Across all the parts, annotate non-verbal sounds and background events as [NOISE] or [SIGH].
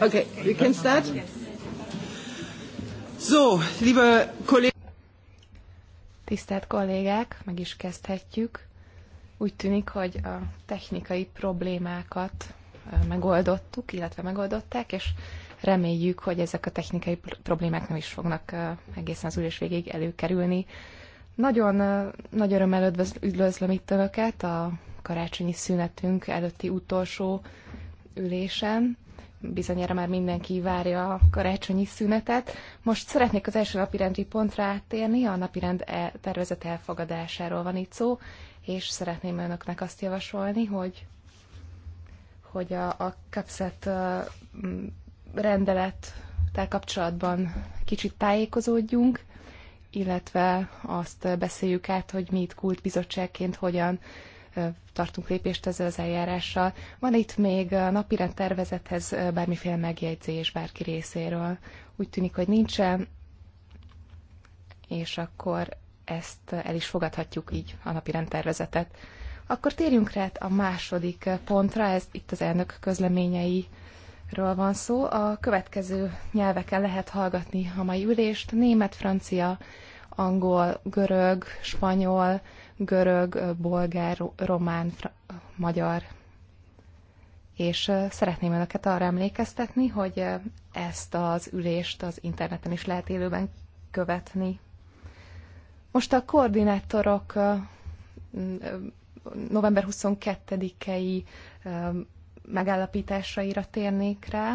okay, you can start. So, liebe Kollegen. Tisztelt kollégák, meg is kezdhetjük. Úgy tűnik, hogy a technikai problémákat megoldottuk, illetve megoldották, és reméljük, hogy ezek a technikai problémák nem is fognak egészen az ülés végéig előkerülni. Nagyon nagy örömmel üdvözlöm itt Önöket a karácsonyi szünetünk előtti utolsó ülésem. Bizonyára már mindenki várja a karácsonyi szünetet. Most szeretnék az első napirendi pontra áttérni, a napirend el, tervezet elfogadásáról van itt szó, és szeretném önöknek azt javasolni, hogy hogy a, a kapszett rendelettel kapcsolatban kicsit tájékozódjunk, illetve azt beszéljük át, hogy mi itt kultbizottságként hogyan tartunk lépést ezzel az eljárással. Van itt még a napi tervezethez bármiféle megjegyzés bárki részéről. Úgy tűnik, hogy nincsen, és akkor ezt el is fogadhatjuk így a napi tervezetet. Akkor térjünk rá a második pontra, ez itt az elnök közleményei ről van szó. A következő nyelveken lehet hallgatni a mai ülést. Német, francia, angol, görög, spanyol, görög, bolgár, román, magyar. És szeretném önöket arra emlékeztetni, hogy ezt az ülést az interneten is lehet élőben követni. Most a koordinátorok november 22-i megállapításaira térnék rá.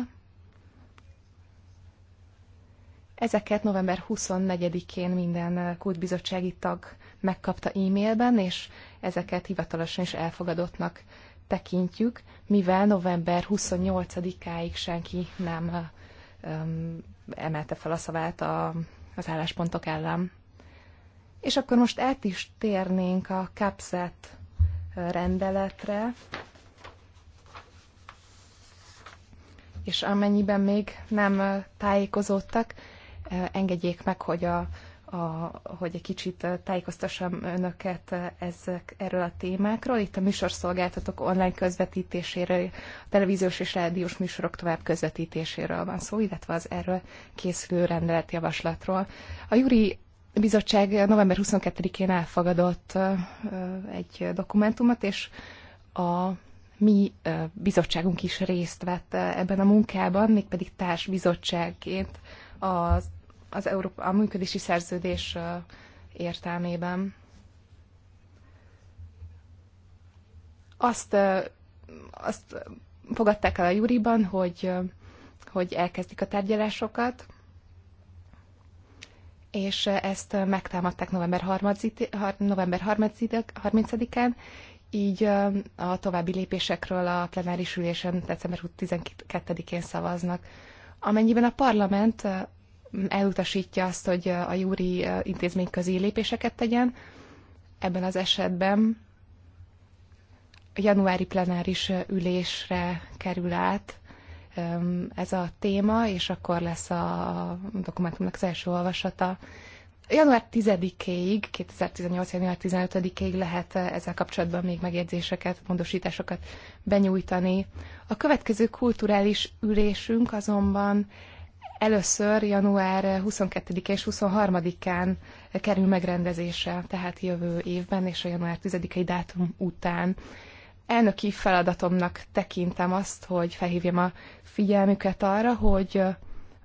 Ezeket november 24-én minden kultbizottsági tag megkapta e-mailben, és ezeket hivatalosan is elfogadottnak tekintjük, mivel november 28-áig senki nem um, emelte fel a szavát a, az álláspontok ellen. És akkor most át is térnénk a CAPSET rendeletre, és amennyiben még nem tájékozódtak, engedjék meg, hogy a a, hogy egy kicsit tájékoztassam önöket ezek, erről a témákról. Itt a műsorszolgáltatók online közvetítéséről, a televíziós és rádiós műsorok tovább közvetítéséről van szó, illetve az erről készülő rendeletjavaslatról. A Juri Bizottság november 22-én elfogadott egy dokumentumot, és a mi bizottságunk is részt vett ebben a munkában, mégpedig társbizottságként az az Európa, a működési szerződés értelmében. Azt, azt fogadták el a júriban, hogy, hogy elkezdik a tárgyalásokat, és ezt megtámadták november 30-án, így a további lépésekről a plenáris ülésen december 12-én szavaznak. Amennyiben a parlament elutasítja azt, hogy a júri közé lépéseket tegyen. Ebben az esetben januári plenáris ülésre kerül át ez a téma, és akkor lesz a dokumentumnak az első olvasata. Január 10 ig 2018. január 15-ig lehet ezzel kapcsolatban még megjegyzéseket, módosításokat benyújtani. A következő kulturális ülésünk azonban először január 22 és 23-án kerül megrendezésre, tehát jövő évben és a január 10-i dátum után. Elnöki feladatomnak tekintem azt, hogy felhívjam a figyelmüket arra, hogy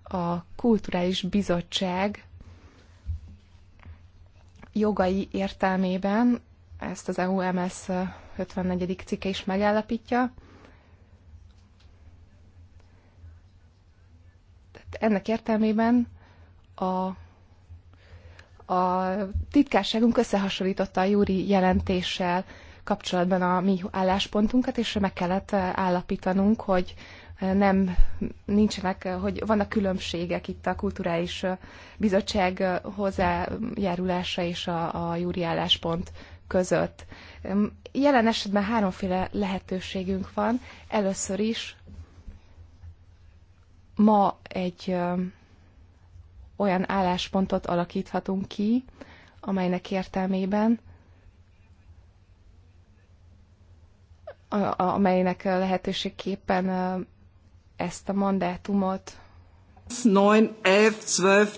a Kulturális Bizottság jogai értelmében ezt az EUMS 54. cikke is megállapítja, ennek értelmében a, a titkárságunk összehasonlította a Júri jelentéssel kapcsolatban a mi álláspontunkat, és meg kellett eh, állapítanunk, hogy eh, nem nincsenek, eh, hogy vannak különbségek itt a kulturális bizottság hozzájárulása és a, a júri álláspont között. Jelen esetben háromféle lehetőségünk van. Először is ma egy olyan álláspontot alakíthatunk ki, amelynek értelmében amelynek lehetőségképpen ezt a mandátumot 9, 11,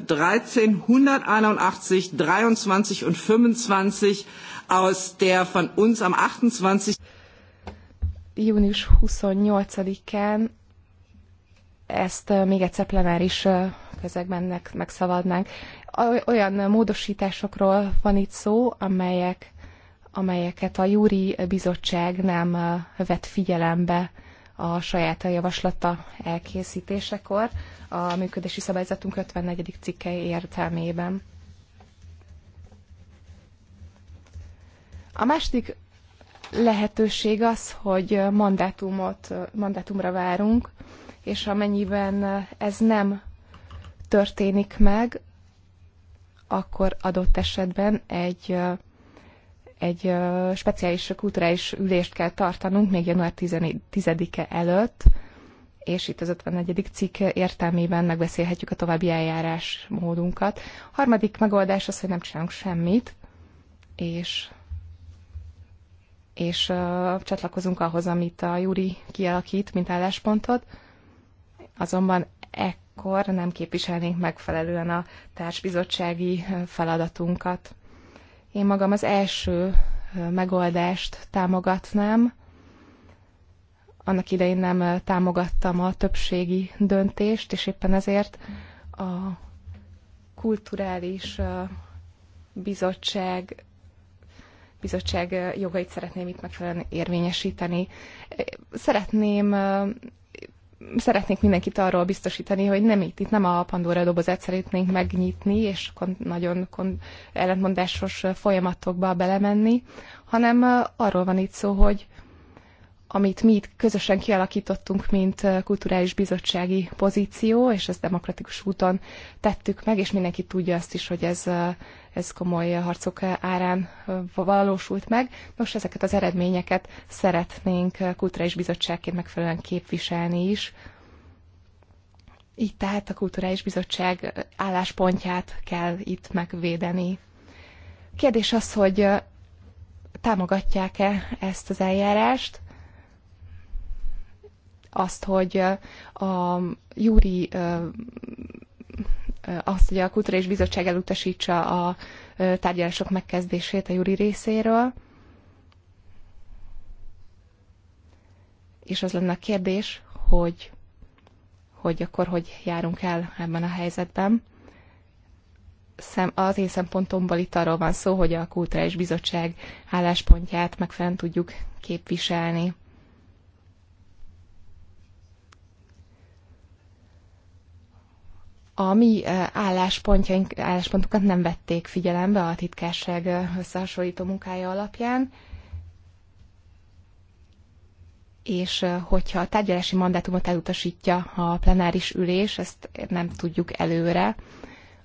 12, 13, 181, 23 és 25 aus der von uns am 28. Június 28-án ezt még egyszer plenáris közegben megszavadnánk. Olyan módosításokról van itt szó, amelyek, amelyeket a júri bizottság nem vett figyelembe a saját javaslata elkészítésekor a működési szabályzatunk 54. cikkei értelmében. A második lehetőség az, hogy mandátumot, mandátumra várunk, és amennyiben ez nem történik meg, akkor adott esetben egy, egy speciális kulturális ülést kell tartanunk még január 10-e előtt, és itt az 54. cikk értelmében megbeszélhetjük a további eljárás módunkat. Harmadik megoldás az, hogy nem csinálunk semmit, és és csatlakozunk ahhoz, amit a Júri kialakít, mint álláspontot, azonban ekkor nem képviselnénk megfelelően a társbizottsági feladatunkat. Én magam az első megoldást támogatnám, annak idején nem támogattam a többségi döntést, és éppen ezért a kulturális bizottság bizottság jogait szeretném itt megfelelően érvényesíteni. Szeretném szeretnék mindenkit arról biztosítani, hogy nem itt, itt nem a Pandora dobozát szeretnénk megnyitni, és kon- nagyon kon- ellentmondásos folyamatokba belemenni, hanem arról van itt szó, hogy amit mi itt közösen kialakítottunk, mint kulturális bizottsági pozíció, és ezt demokratikus úton tettük meg, és mindenki tudja azt is, hogy ez ez komoly harcok árán valósult meg. Nos, ezeket az eredményeket szeretnénk kulturális bizottságként megfelelően képviselni is. Így tehát a Kulturális Bizottság álláspontját kell itt megvédeni. Kérdés az, hogy támogatják-e ezt az eljárást, azt, hogy a júri azt, hogy a Kulturális Bizottság elutasítsa a tárgyalások megkezdését a júri részéről. És az lenne a kérdés, hogy, hogy akkor hogy járunk el ebben a helyzetben. Szem, az én szempontomból itt arról van szó, hogy a Kulturális Bizottság álláspontját megfelelően tudjuk képviselni. a mi eh, álláspontjaink, nem vették figyelembe a titkárság eh, összehasonlító munkája alapján, és eh, hogyha a tárgyalási mandátumot elutasítja a plenáris ülés, ezt nem tudjuk előre,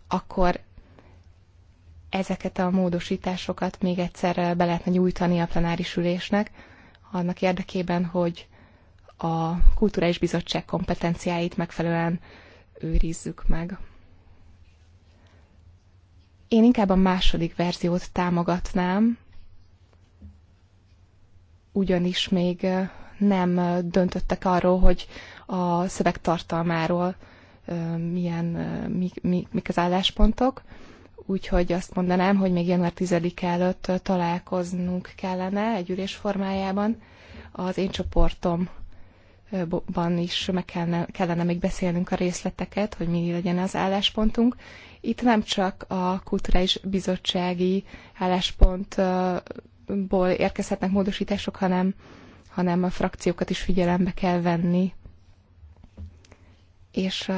akkor ezeket a módosításokat még egyszer be lehetne nyújtani a plenáris ülésnek, annak érdekében, hogy a Kulturális Bizottság kompetenciáit megfelelően őrizzük meg. Én inkább a második verziót támogatnám, ugyanis még nem döntöttek arról, hogy a szöveg tartalmáról milyen, mi, mi, mik az álláspontok. Úgyhogy azt mondanám, hogy még január 10 előtt találkoznunk kellene egy ülés formájában. Az én csoportom ban is meg kellene, kellene még beszélnünk a részleteket, hogy mi legyen az álláspontunk. Itt nem csak a kulturális bizottsági álláspontból érkezhetnek módosítások, hanem, hanem a frakciókat is figyelembe kell venni. És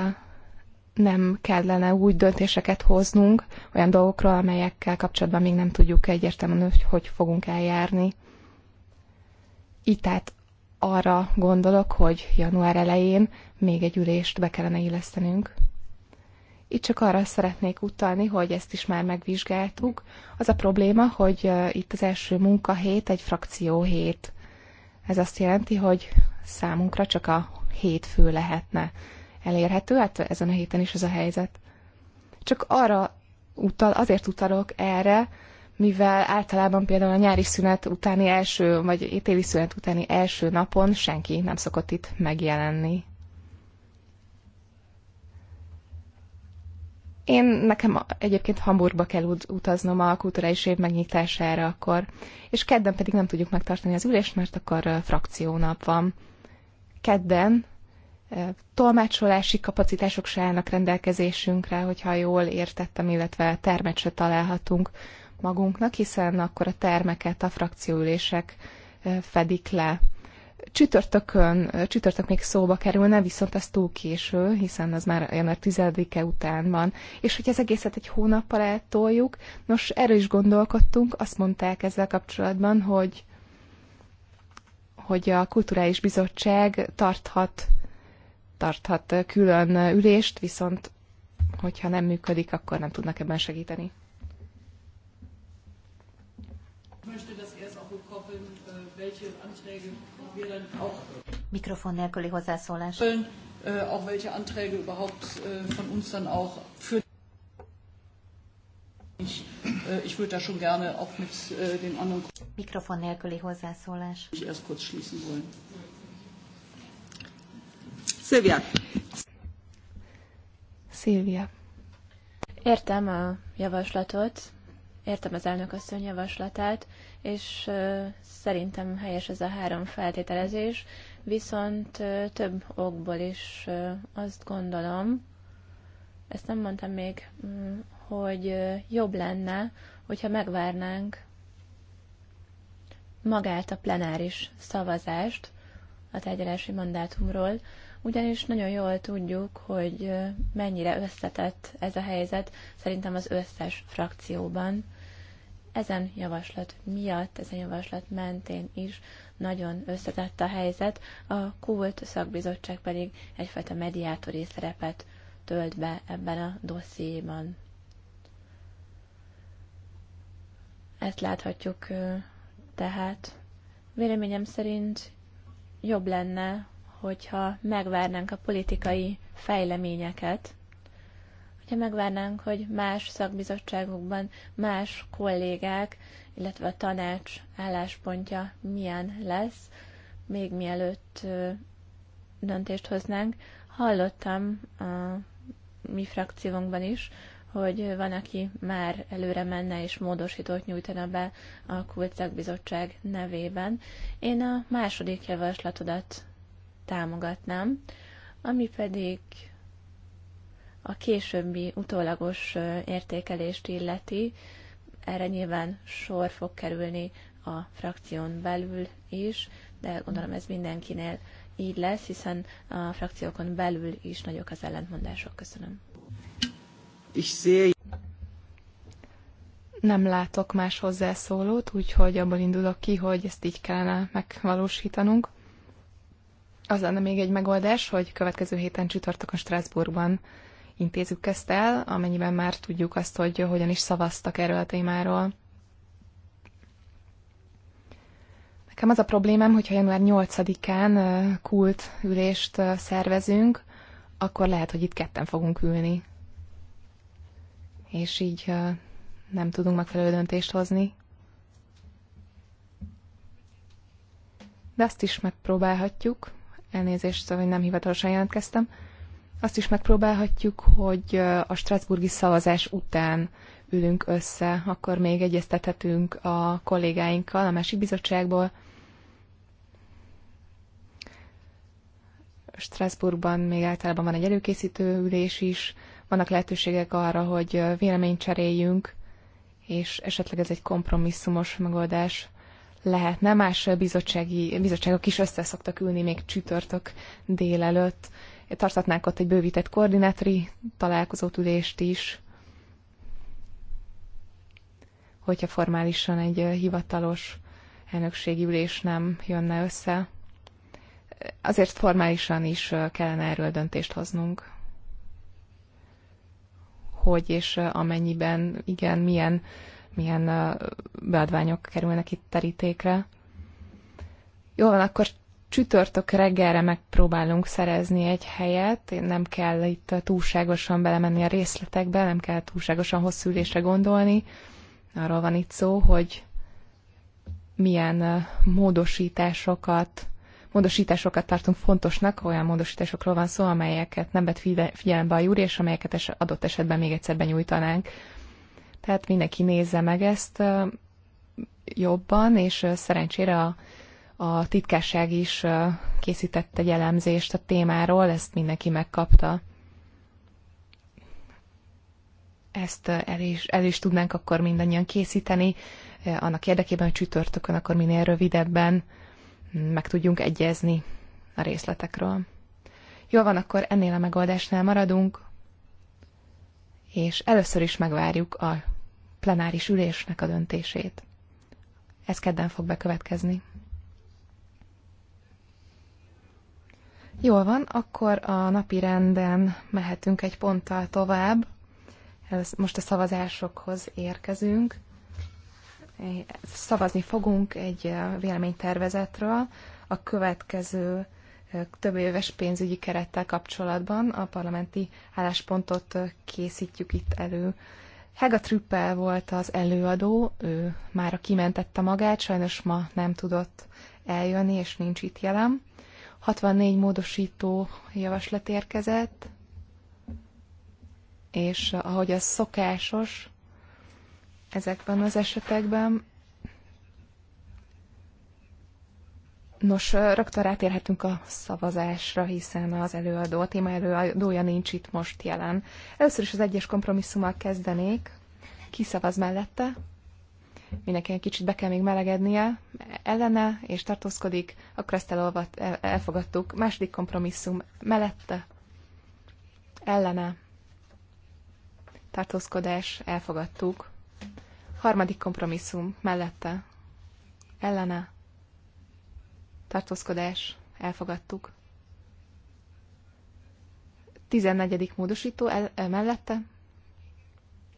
nem kellene úgy döntéseket hoznunk olyan dolgokról, amelyekkel kapcsolatban még nem tudjuk egyértelműen, hogy hogy fogunk eljárni. Így tehát arra gondolok, hogy január elején még egy ülést be kellene illesztenünk. Itt csak arra szeretnék utalni, hogy ezt is már megvizsgáltuk. Az a probléma, hogy itt az első munkahét egy frakció hét. Ez azt jelenti, hogy számunkra csak a hét fő lehetne elérhető, hát ezen a héten is ez a helyzet. Csak arra utal, azért utalok erre, mivel általában például a nyári szünet utáni első, vagy téli szünet utáni első napon senki nem szokott itt megjelenni. Én nekem egyébként Hamburgba kell utaznom a kulturális év megnyitására akkor, és kedden pedig nem tudjuk megtartani az ülést, mert akkor frakciónap van. Kedden tolmácsolási kapacitások se állnak rendelkezésünkre, hogyha jól értettem, illetve termet se találhatunk magunknak, hiszen akkor a termeket a frakcióülések fedik le. Csütörtökön, csütörtök még szóba kerülne, viszont ez túl késő, hiszen az már január 10-e után van. És hogy ez egészet egy hónappal eltoljuk, nos, erről is gondolkodtunk, azt mondták ezzel kapcsolatban, hogy hogy a Kulturális Bizottság tarthat, tarthat külön ülést, viszont hogyha nem működik, akkor nem tudnak ebben segíteni. Mikrofon nélküli hozzászólás. Äh, auch welche Anträge überhaupt äh, von uns dann auch für ich, äh, ich würde da schon gerne auch mit den anderen Mikrofon nélküli hozzászólás. Ich erst kurz schließen wollen. Szilvia. Szilvia. Értem a javaslatot, Értem az elnök asszony javaslatát, és szerintem helyes ez a három feltételezés, viszont több okból is azt gondolom, ezt nem mondtam még, mm, hogy jobb lenne, hogyha megvárnánk magát a plenáris szavazást a tárgyalási mandátumról, ugyanis nagyon jól tudjuk, hogy mennyire összetett ez a helyzet szerintem az összes frakcióban. Ezen javaslat miatt, ezen javaslat mentén is nagyon összetett a helyzet, a KULT szakbizottság pedig egyfajta mediátori szerepet tölt be ebben a dossziéban. Ezt láthatjuk tehát. Véleményem szerint jobb lenne, hogyha megvárnánk a politikai fejleményeket, hogyha megvárnánk, hogy más szakbizottságokban más kollégák, illetve a tanács álláspontja milyen lesz, még mielőtt döntést hoznánk. Hallottam a mi frakciónkban is, hogy van, aki már előre menne és módosítót nyújtana be a Kult Szakbizottság nevében. Én a második javaslatodat támogatnám, ami pedig a későbbi utólagos értékelést illeti, erre nyilván sor fog kerülni a frakción belül is, de gondolom ez mindenkinél így lesz, hiszen a frakciókon belül is nagyok az ellentmondások. Köszönöm. Nem látok más hozzászólót, úgyhogy abból indulok ki, hogy ezt így kellene megvalósítanunk. Az lenne még egy megoldás, hogy következő héten csütörtökön Strasbourgban intézzük ezt el, amennyiben már tudjuk azt, hogy hogyan is szavaztak erről a témáról. Nekem az a problémám, hogyha január 8-án kult ülést szervezünk, akkor lehet, hogy itt ketten fogunk ülni. És így nem tudunk megfelelő döntést hozni. De azt is megpróbálhatjuk elnézést, szóval, hogy nem hivatalosan jelentkeztem. Azt is megpróbálhatjuk, hogy a Strasburgi szavazás után ülünk össze, akkor még egyeztethetünk a kollégáinkkal a másik bizottságból. Strasbourgban még általában van egy előkészítő ülés is, vannak lehetőségek arra, hogy véleményt cseréljünk, és esetleg ez egy kompromisszumos megoldás lehetne. Más bizottsági, bizottságok is össze szoktak ülni még csütörtök délelőtt. Tartatnánk ott egy bővített koordinátori találkozót, ülést is, hogyha formálisan egy hivatalos elnökségi ülés nem jönne össze. Azért formálisan is kellene erről döntést hoznunk hogy és amennyiben, igen, milyen milyen beadványok kerülnek itt terítékre. Jó van, akkor csütörtök reggelre megpróbálunk szerezni egy helyet, nem kell itt túlságosan belemenni a részletekbe, nem kell túlságosan hosszú ülésre gondolni. Arról van itt szó, hogy milyen módosításokat, módosításokat tartunk fontosnak, olyan módosításokról van szó, amelyeket nem vett figyelembe a júri, és amelyeket adott esetben még egyszer benyújtanánk. Tehát mindenki nézze meg ezt jobban, és szerencsére a, a titkárság is készített egy elemzést a témáról, ezt mindenki megkapta. Ezt el is, el is tudnánk akkor mindannyian készíteni, annak érdekében, hogy csütörtökön akkor minél rövidebben mm, meg tudjunk egyezni a részletekről. Jó van, akkor ennél a megoldásnál maradunk, és először is megvárjuk a plenáris ülésnek a döntését. Ez kedden fog bekövetkezni. Jól van, akkor a napi renden mehetünk egy ponttal tovább. Most a szavazásokhoz érkezünk. Szavazni fogunk egy eh, véleménytervezetről a következő eh, több éves pénzügyi kerettel kapcsolatban. A parlamenti álláspontot eh, készítjük itt elő Hega Trüppel volt az előadó, ő már kimentette magát, sajnos ma nem tudott eljönni, és nincs itt jelen. 64 módosító javaslat érkezett, és ahogy az szokásos ezekben az esetekben, Nos, rögtön rátérhetünk a szavazásra, hiszen az előadó, a téma előadója nincs itt most jelen. Először is az egyes kompromisszummal kezdenék. Ki szavaz mellette? Mindenkinek egy kicsit be kell még melegednie. Ellene és tartózkodik, akkor ezt elolvat, elfogadtuk. Második kompromisszum mellette? Ellene. Tartózkodás, elfogadtuk. Harmadik kompromisszum mellette? Ellene tartózkodás, elfogadtuk. 14. módosító el, el eh, mellette,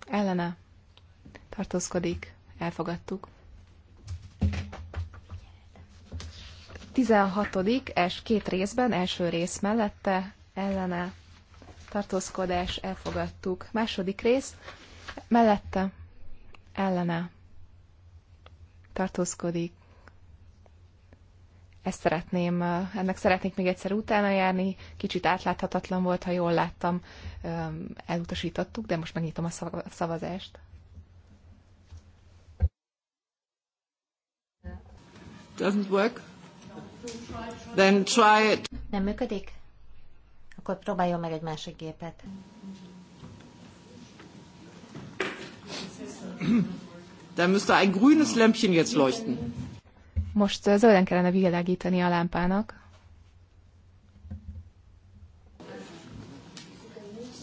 ellene, tartózkodik, elfogadtuk. 16. és két részben, első rész mellette, ellene, tartózkodás, elfogadtuk. Második rész, mellette, ellene, tartózkodik, ezt szeretném, ennek szeretnék még egyszer utána járni. Kicsit átláthatatlan volt, ha jól láttam, elutasítottuk, de most megnyitom a szavazást. Doesn't work? Then try it. Nem működik? Akkor próbáljon meg egy másik gépet. Da müsste ein grünes Lämpchen jetzt leuchten. Most eh, zölden kellene világítani a lámpának.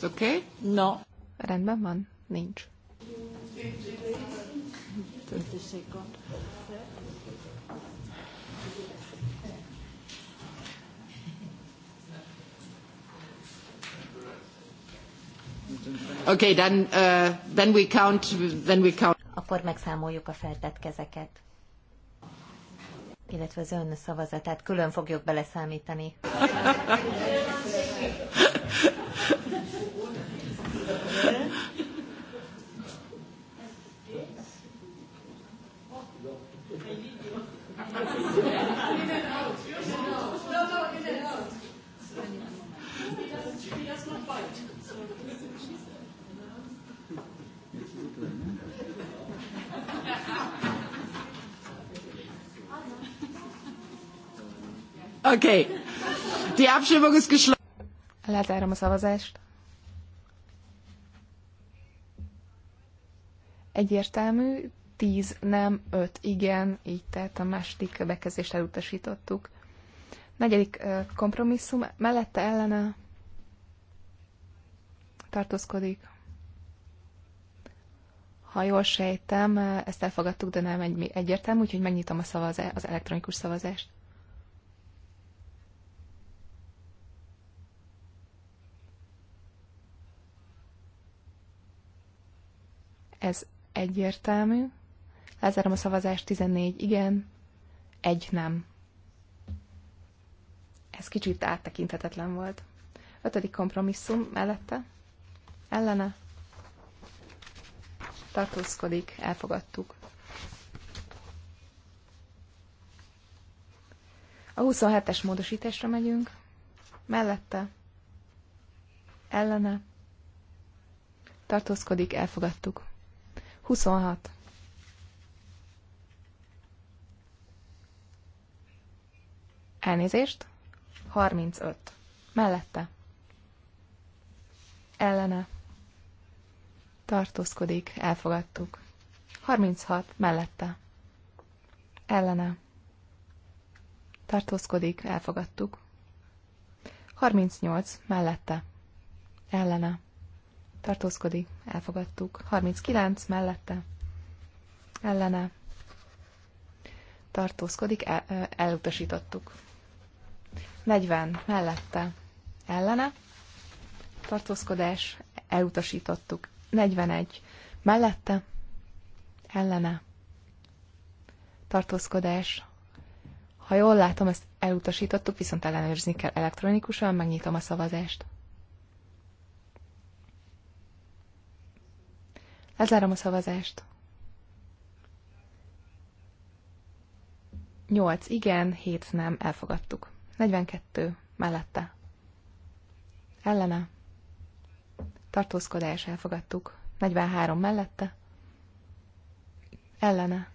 Oké? Okay? No. Rendben van? Nincs. Okay, then, uh, then we count, then we count. Akkor megszámoljuk a feltett kezeket illetve az ön szavazatát külön fogjuk beleszámítani. [LAUGHS] Oké, Die Abstimmung ist geschlossen. Lezárom a szavazást. Egyértelmű, 10 nem, 5 igen, így tehát a második bekezdést elutasítottuk. Negyedik kompromisszum, mellette ellene tartózkodik. Ha jól sejtem, ezt elfogadtuk, de nem egy, egyértelmű, úgyhogy megnyitom a szavazást, az elektronikus szavazást. Ez egyértelmű. Lezárom a szavazást 14 igen, egy nem. Ez kicsit áttekinthetetlen volt. Ötödik kompromisszum mellette. Ellene. Tartózkodik, elfogadtuk. A 27-es módosításra megyünk. Mellette. Ellene. Tartózkodik, elfogadtuk. 26. Elnézést. 35. Mellette. Ellene. Tartózkodik. Elfogadtuk. 36. Mellette. Ellene. Tartózkodik. Elfogadtuk. 38. Mellette. Ellene tartózkodik, elfogadtuk. 39 mellette, ellene, tartózkodik, el, elutasítottuk. 40 mellette, ellene, tartózkodás, elutasítottuk. 41 mellette, ellene, tartózkodás, ha jól látom, ezt elutasítottuk, viszont ellenőrizni kell elektronikusan, megnyitom a szavazást. Lezárom a szavazást. 8 igen, 7 nem, elfogadtuk. 42 mellette. Ellene. Tartózkodás, elfogadtuk. 43 mellette. Ellene.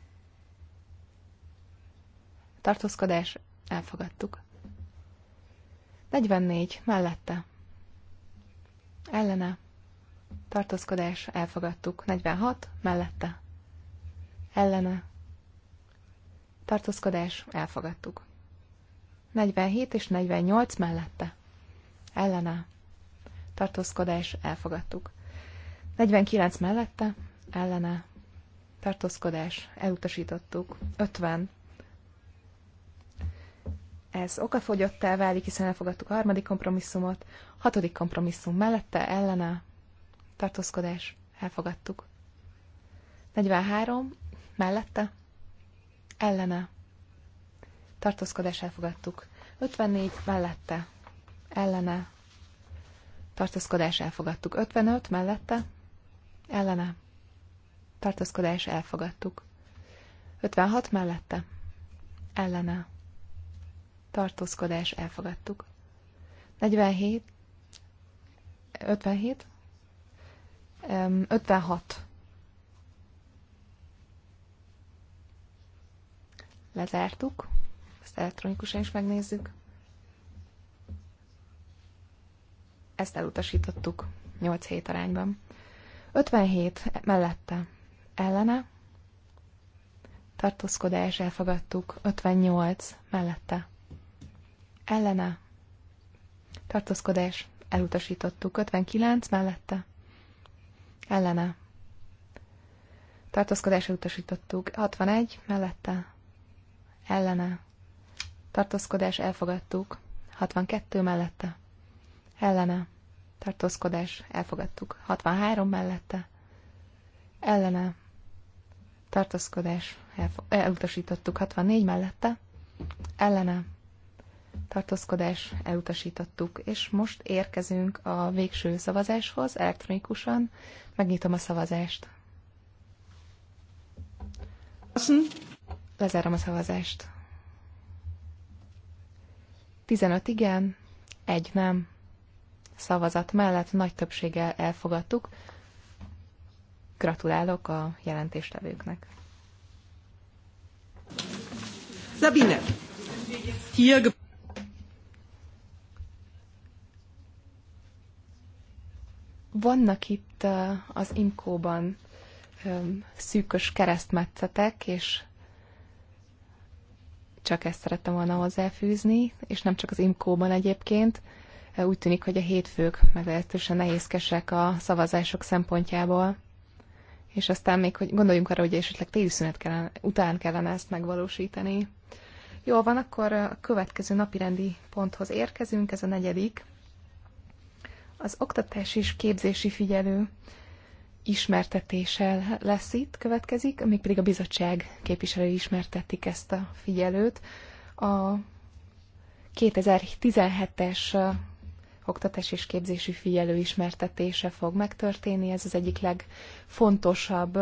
Tartózkodás, elfogadtuk. 44 mellette. Ellene tartózkodás, elfogadtuk. 46 mellette, ellene, tartózkodás, elfogadtuk. 47 és 48 mellette, ellene, tartózkodás, elfogadtuk. 49 mellette, ellene, tartózkodás, elutasítottuk. 50. Ez okafogyottá válik, hiszen elfogadtuk a harmadik kompromisszumot, hatodik kompromisszum mellette, ellene, tartózkodás, elfogadtuk. 43, mellette, ellene, tartózkodás, elfogadtuk. 54, mellette, ellene, tartózkodás, elfogadtuk. 55, mellette, ellene, tartózkodás, elfogadtuk. 56, mellette, ellene, tartózkodás, elfogadtuk. 47, 57, 56. Lezártuk. Ezt elektronikusan is megnézzük. Ezt elutasítottuk 8 hét arányban. 57 mellette ellene. Tartózkodás elfogadtuk. 58 mellette ellene. Tartózkodás elutasítottuk. 59 mellette Ellene. Tartózkodásra utasítottuk. 61. Mellette. Ellene. Tartózkodás elfogadtuk. 62. Mellette. Ellene. Tartózkodás elfogadtuk. 63. Mellette. Ellene. Tartózkodás elutasítottuk. 64. Mellette. Ellene tartózkodás elutasítottuk, és most érkezünk a végső szavazáshoz elektronikusan. Megnyitom a szavazást. Lezárom a szavazást. 15 igen, egy nem. Szavazat mellett nagy többséggel elfogadtuk. Gratulálok a jelentéstevőknek. Sabine, hier Vannak itt az Imkóban szűkös keresztmetszetek, és csak ezt szerettem volna hozzáfűzni, és nem csak az Imkóban egyébként. Úgy tűnik, hogy a hétfők meglehetősen nehézkesek a szavazások szempontjából. És aztán még, hogy gondoljunk arra, hogy esetleg téli szünet kellene, után kellene ezt megvalósítani. Jó, van, akkor a következő napirendi ponthoz érkezünk, ez a negyedik. Az oktatás és képzési figyelő ismertetéssel lesz itt, következik, amíg pedig a bizottság képviselői ismertetik ezt a figyelőt. A 2017-es oktatás és képzési figyelő ismertetése fog megtörténni. Ez az egyik legfontosabb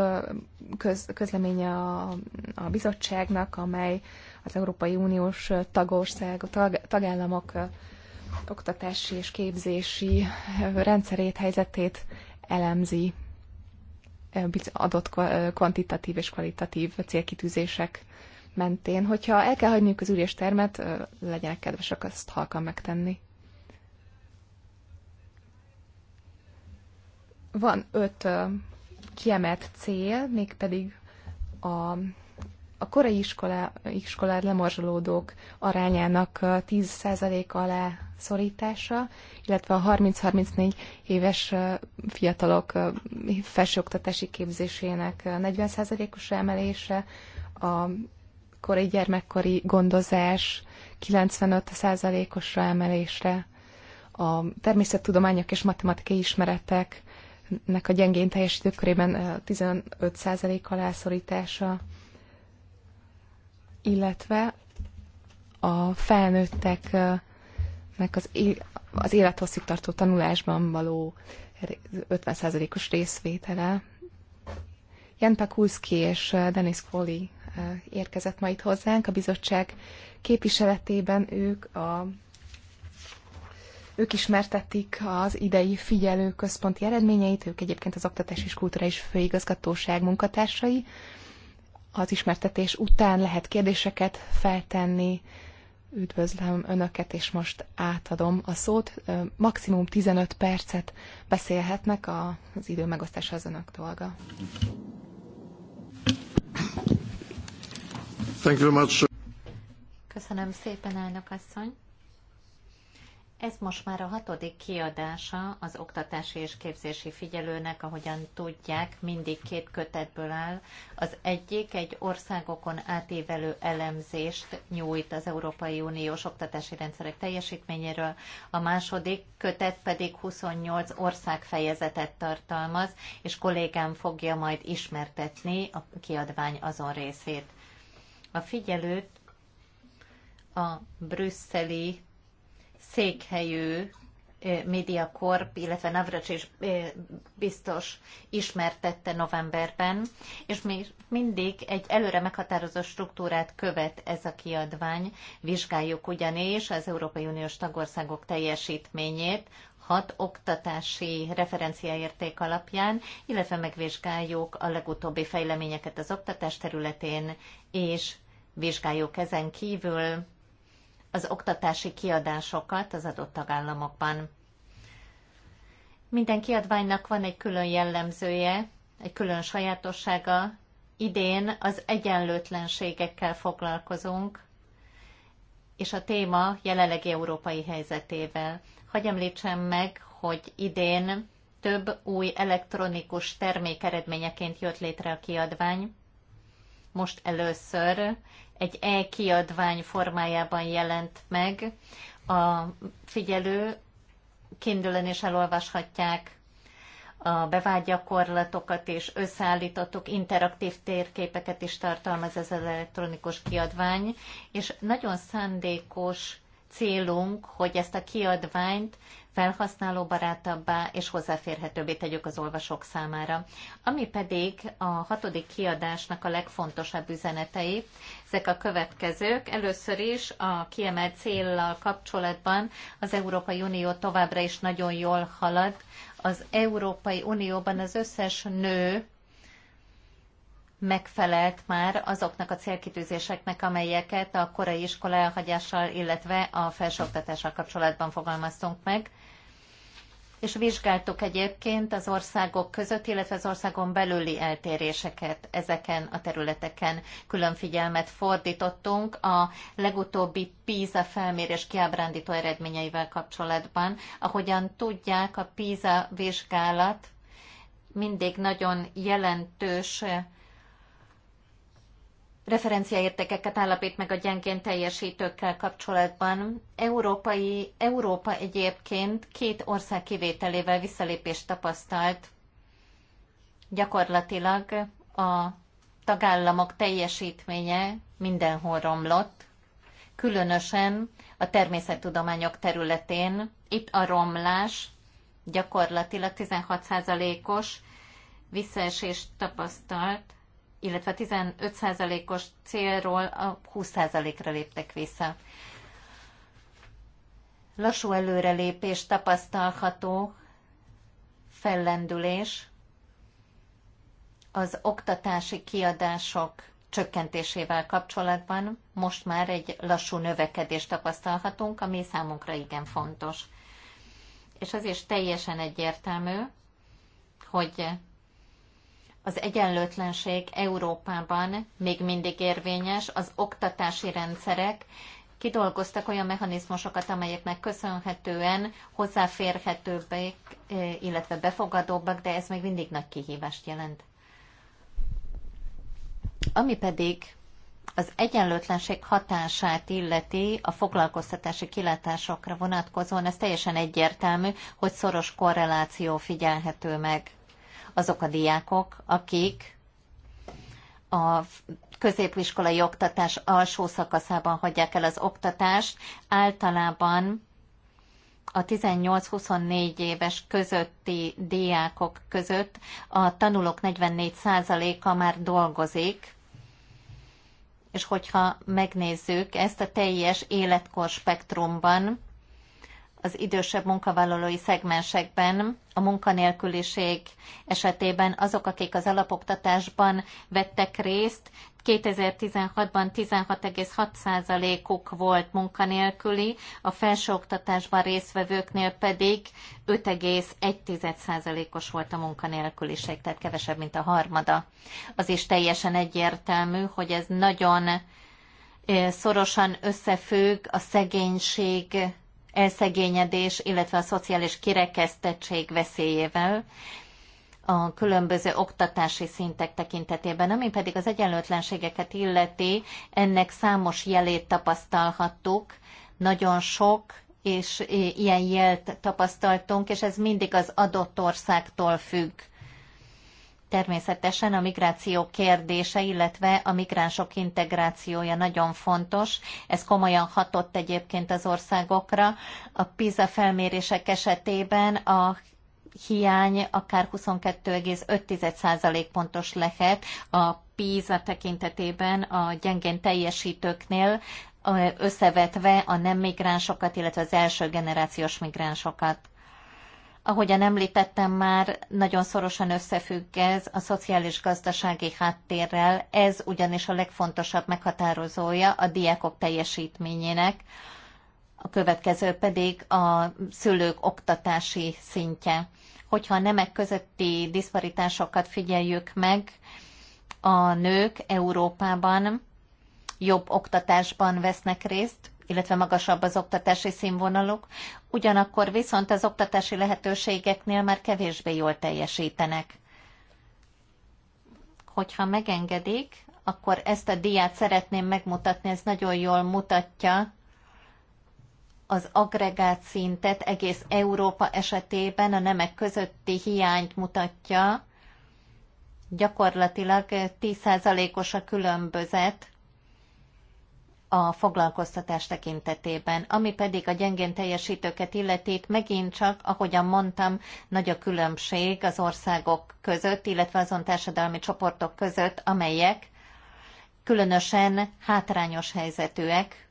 köz, közleménye a, a bizottságnak, amely az Európai Uniós tagország, tag, tagállamok oktatási és képzési rendszerét, helyzetét elemzi adott kvantitatív és kvalitatív célkitűzések mentén. Hogyha el kell hagyniuk az termet, legyenek kedvesek azt halkan megtenni. Van öt kiemelt cél, mégpedig a a korai iskolá, iskolád lemorzsolódók arányának 10% alá szorítása, illetve a 30-34 éves fiatalok felsőoktatási képzésének 40%-os emelése, a korai gyermekkori gondozás 95%-osra emelésre, a természettudományok és matematikai ismereteknek a gyengén teljesítők körében 15% alá szorítása, illetve a felnőtteknek az, az élethosszig tartó tanulásban való 50%-os részvétele. Jan Pakulski és eh, Denis Foley eh, érkezett ma itt hozzánk a bizottság képviseletében ők a ők ismertetik az idei figyelőközponti eredményeit, ők egyébként az Oktatás és Kulturális Főigazgatóság munkatársai, az ismertetés után lehet kérdéseket feltenni. Üdvözlöm Önöket, és most átadom a szót. Maximum 15 percet beszélhetnek, az idő megosztás az Önök dolga. Thank you very much. Köszönöm szépen, elnök asszony. Ez most már a hatodik kiadása az oktatási és képzési figyelőnek, ahogyan tudják, mindig két kötetből áll. Az egyik egy országokon átívelő elemzést nyújt az Európai Uniós oktatási rendszerek teljesítményéről, a második kötet pedig 28 országfejezetet tartalmaz, és kollégám fogja majd ismertetni a kiadvány azon részét. A figyelőt a brüsszeli székhelyű Corp, illetve is biztos ismertette novemberben, és még mindig egy előre meghatározott struktúrát követ ez a kiadvány. Vizsgáljuk ugyanis az Európai Uniós tagországok teljesítményét, hat oktatási referenciaérték alapján, illetve megvizsgáljuk a legutóbbi fejleményeket az oktatás területén, és vizsgáljuk ezen kívül az oktatási kiadásokat az adott tagállamokban. Minden kiadványnak van egy külön jellemzője, egy külön sajátossága. Idén az egyenlőtlenségekkel foglalkozunk, és a téma jelenlegi európai helyzetével. Hagy említsem meg, hogy idén több új elektronikus termék eredményeként jött létre a kiadvány, most először egy e-kiadvány formájában jelent meg. A figyelő kindülön is elolvashatják a bevált gyakorlatokat és összeállítottuk interaktív térképeket is tartalmaz ez az elektronikus kiadvány, és nagyon szándékos célunk, hogy ezt a kiadványt felhasználóbarátabbá és hozzáférhetőbbé tegyük az olvasók számára. Ami pedig a hatodik kiadásnak a legfontosabb üzenetei, ezek a következők. Először is a kiemelt céllal kapcsolatban az Európai Unió továbbra is nagyon jól halad. Az Európai Unióban az összes nő megfelelt már azoknak a célkitűzéseknek, amelyeket a korai iskola elhagyással, illetve a felsőoktatással kapcsolatban fogalmaztunk meg. És vizsgáltuk egyébként az országok között, illetve az országon belüli eltéréseket ezeken a területeken. Külön figyelmet fordítottunk a legutóbbi PISA felmérés kiábrándító eredményeivel kapcsolatban. Ahogyan tudják, a PISA vizsgálat mindig nagyon jelentős referenciaértékeket állapít meg a gyengén teljesítőkkel kapcsolatban. Európai, Európa egyébként két ország kivételével visszalépést tapasztalt. Gyakorlatilag a tagállamok teljesítménye mindenhol romlott, különösen a természettudományok területén. Itt a romlás gyakorlatilag 16%-os visszaesést tapasztalt illetve a 15%-os célról a 20%-ra léptek vissza. Lassú előrelépés tapasztalható, fellendülés az oktatási kiadások csökkentésével kapcsolatban most már egy lassú növekedést tapasztalhatunk, ami számunkra igen fontos. És az is teljesen egyértelmű, hogy az egyenlőtlenség Európában még mindig érvényes, az oktatási rendszerek kidolgoztak olyan mechanizmusokat, amelyeknek köszönhetően hozzáférhetőbbek, eh, illetve befogadóbbak, de ez még mindig nagy kihívást jelent. Ami pedig az egyenlőtlenség hatását illeti a foglalkoztatási kilátásokra vonatkozóan, ez teljesen egyértelmű, hogy szoros korreláció figyelhető meg azok a diákok, akik a középiskolai oktatás alsó szakaszában hagyják el az oktatást, általában a 18-24 éves közötti diákok között a tanulók 44%-a már dolgozik, és hogyha megnézzük ezt a teljes életkor spektrumban, az idősebb munkavállalói szegmensekben, a munkanélküliség esetében azok, akik az alapoktatásban vettek részt, 2016-ban 16,6%-uk volt munkanélküli, a felsőoktatásban résztvevőknél pedig 5,1%-os volt a munkanélküliség, tehát kevesebb, mint a harmada. Az is teljesen egyértelmű, hogy ez nagyon eh, szorosan összefügg a szegénység elszegényedés, illetve a szociális kirekesztettség veszélyével a különböző oktatási szintek tekintetében, ami pedig az egyenlőtlenségeket illeti, ennek számos jelét tapasztalhattuk, nagyon sok és eh, ilyen jelt tapasztaltunk, és ez mindig az adott országtól függ. Természetesen a migráció kérdése, illetve a migránsok integrációja nagyon fontos. Ez komolyan hatott egyébként az országokra. A PISA felmérések esetében a hiány akár 22,5% pontos lehet a PISA tekintetében a gyengén teljesítőknél, összevetve a nem migránsokat, illetve az első generációs migránsokat. Ahogyan említettem már, nagyon szorosan összefügg ez a szociális-gazdasági háttérrel, ez ugyanis a legfontosabb meghatározója a diákok teljesítményének, a következő pedig a szülők oktatási szintje. Hogyha a nemek közötti diszparitásokat figyeljük meg, a nők Európában jobb oktatásban vesznek részt, illetve magasabb az oktatási színvonaluk, ugyanakkor viszont az oktatási lehetőségeknél már kevésbé jól teljesítenek. Hogyha megengedik, akkor ezt a diát szeretném megmutatni, ez nagyon jól mutatja az agregát szintet egész Európa esetében a nemek közötti hiányt mutatja, gyakorlatilag 10%-os a különbözet a foglalkoztatás tekintetében. Ami pedig a gyengén teljesítőket illeti, megint csak, ahogyan mondtam, nagy a különbség az országok között, illetve azon társadalmi csoportok között, amelyek különösen hátrányos helyzetűek.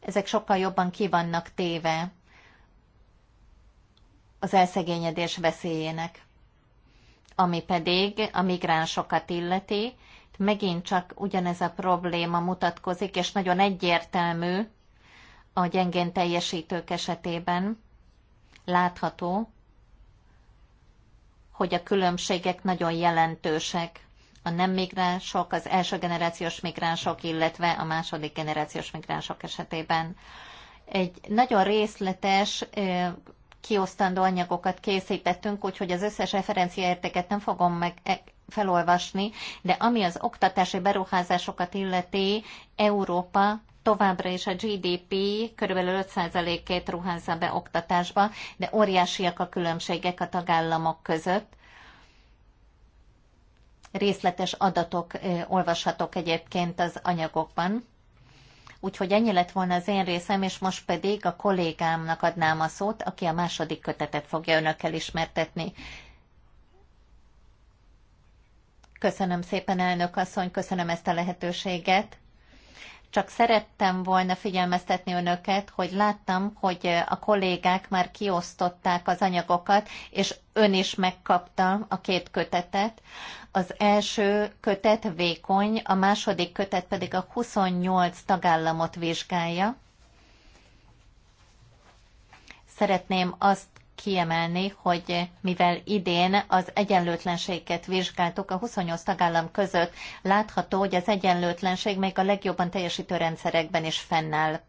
Ezek sokkal jobban kivannak téve az elszegényedés veszélyének. Ami pedig a migránsokat illeti, megint csak ugyanez a probléma mutatkozik, és nagyon egyértelmű a gyengén teljesítők esetében látható, hogy a különbségek nagyon jelentősek. A nem migránsok, az első generációs migránsok, illetve a második generációs migránsok esetében. Egy nagyon részletes kiosztandó anyagokat készítettünk, úgyhogy az összes referenciaértéket nem fogom meg e- felolvasni, de ami az oktatási beruházásokat illeti, Európa továbbra is a GDP körülbelül 5%-ét ruházza be oktatásba, de óriásiak a különbségek a tagállamok között. Részletes adatok olvashatok egyébként az anyagokban. Úgyhogy ennyi lett volna az én részem, és most pedig a kollégámnak adnám a szót, aki a második kötetet fogja önökkel ismertetni. Köszönöm szépen, elnök asszony, köszönöm ezt a lehetőséget. Csak szerettem volna figyelmeztetni önöket, hogy láttam, hogy a kollégák már kiosztották az anyagokat, és ön is megkapta a két kötetet. Az első kötet vékony, a második kötet pedig a 28 tagállamot vizsgálja. Szeretném azt kiemelni, hogy mivel idén az egyenlőtlenséget vizsgáltuk a 28 tagállam között, látható, hogy az egyenlőtlenség még a legjobban teljesítő rendszerekben is fennáll.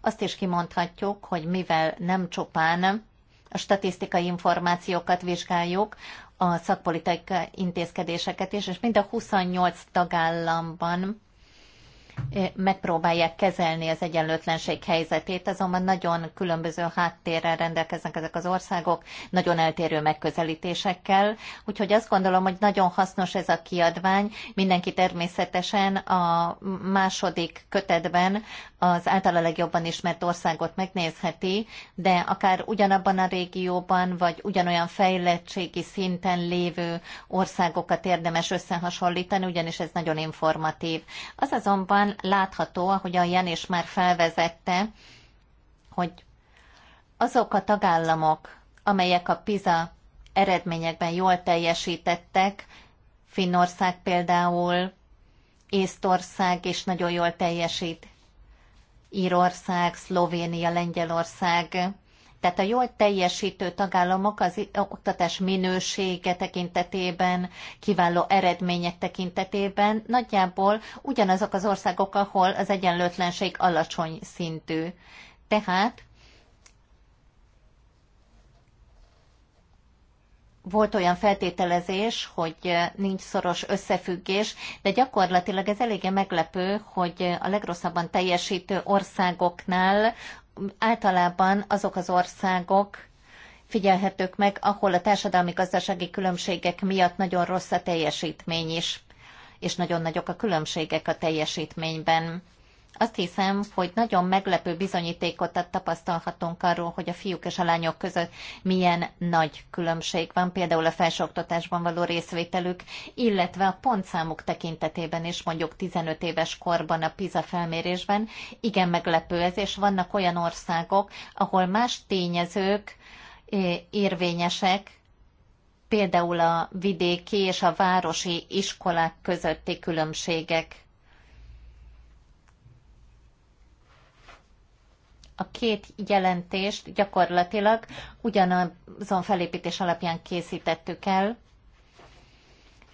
Azt is kimondhatjuk, hogy mivel nem csupán a statisztikai információkat vizsgáljuk, a szakpolitikai intézkedéseket is, és mind a 28 tagállamban megpróbálják kezelni az egyenlőtlenség helyzetét, azonban nagyon különböző háttérrel rendelkeznek ezek az országok, nagyon eltérő megközelítésekkel, úgyhogy azt gondolom, hogy nagyon hasznos ez a kiadvány. Mindenki természetesen a második kötetben az általa legjobban ismert országot megnézheti, de akár ugyanabban a régióban, vagy ugyanolyan fejlettségi szinten lévő országokat érdemes összehasonlítani, ugyanis ez nagyon informatív. Az azonban látható, ahogyan a is már felvezette, hogy azok a tagállamok, amelyek a PISA eredményekben jól teljesítettek, Finnország például, Észtország is nagyon jól teljesít, Írország, Szlovénia, Lengyelország, tehát a jól teljesítő tagállamok az oktatás minősége tekintetében, kiváló eredmények tekintetében nagyjából ugyanazok az országok, ahol az egyenlőtlenség alacsony szintű. Tehát volt olyan feltételezés, hogy nincs szoros összefüggés, de gyakorlatilag ez eléggé meglepő, hogy a legrosszabban teljesítő országoknál általában azok az országok figyelhetők meg, ahol a társadalmi-gazdasági különbségek miatt nagyon rossz a teljesítmény is, és nagyon nagyok a különbségek a teljesítményben. Azt hiszem, hogy nagyon meglepő bizonyítékot tapasztalhatunk arról, hogy a fiúk és a lányok között milyen nagy különbség van, például a felsőoktatásban való részvételük, illetve a pontszámuk tekintetében is mondjuk 15 éves korban a PISA felmérésben. Igen meglepő ez, és vannak olyan országok, ahol más tényezők érvényesek, például a vidéki és a városi iskolák közötti különbségek a két jelentést gyakorlatilag ugyanazon felépítés alapján készítettük el.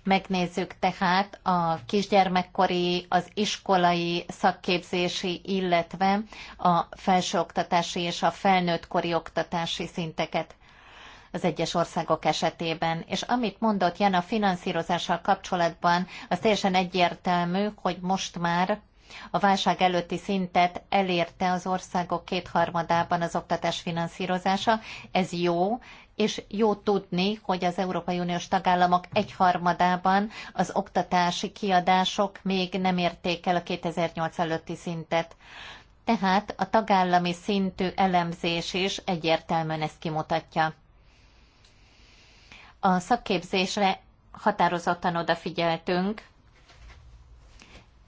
Megnézzük tehát a kisgyermekkori, az iskolai szakképzési, illetve a felsőoktatási és a felnőttkori oktatási szinteket az egyes országok esetében. És amit mondott Jan a finanszírozással kapcsolatban, az teljesen egyértelmű, hogy most már a válság előtti szintet elérte az országok kétharmadában az oktatás finanszírozása. Ez jó, és jó tudni, hogy az Európai Uniós tagállamok egyharmadában az oktatási kiadások még nem érték el a 2008 előtti szintet. Tehát a tagállami szintű elemzés is egyértelműen ezt kimutatja. A szakképzésre határozottan odafigyeltünk,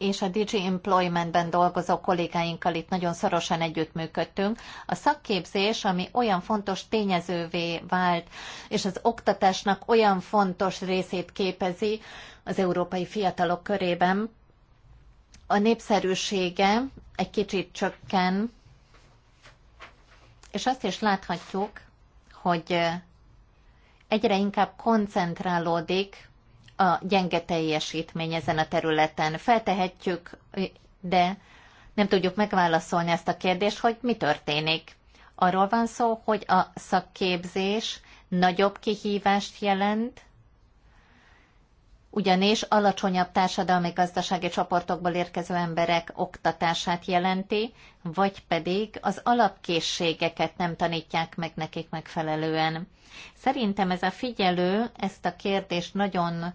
és a DG Employmentben dolgozó kollégáinkkal itt nagyon szorosan együttműködtünk. A szakképzés, ami olyan fontos tényezővé vált, és az oktatásnak olyan fontos részét képezi az európai fiatalok körében, a népszerűsége egy kicsit csökken, és azt is láthatjuk, hogy egyre inkább koncentrálódik a gyenge teljesítmény ezen a területen. Feltehetjük, de nem tudjuk megválaszolni ezt a kérdést, hogy mi történik. Arról van szó, hogy a szakképzés nagyobb kihívást jelent, ugyanis alacsonyabb társadalmi gazdasági csoportokból érkező emberek oktatását jelenti, vagy pedig az alapkészségeket nem tanítják meg nekik megfelelően. Szerintem ez a figyelő ezt a kérdést nagyon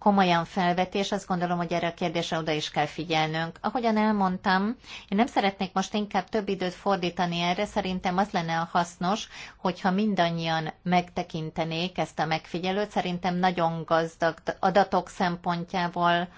komolyan felvetés, azt gondolom, hogy erre a kérdésre oda is kell figyelnünk. Ahogyan elmondtam, én nem szeretnék most inkább több időt fordítani erre, szerintem az lenne a hasznos, hogyha mindannyian megtekintenék ezt a megfigyelőt, szerintem nagyon gazdag adatok szempontjából,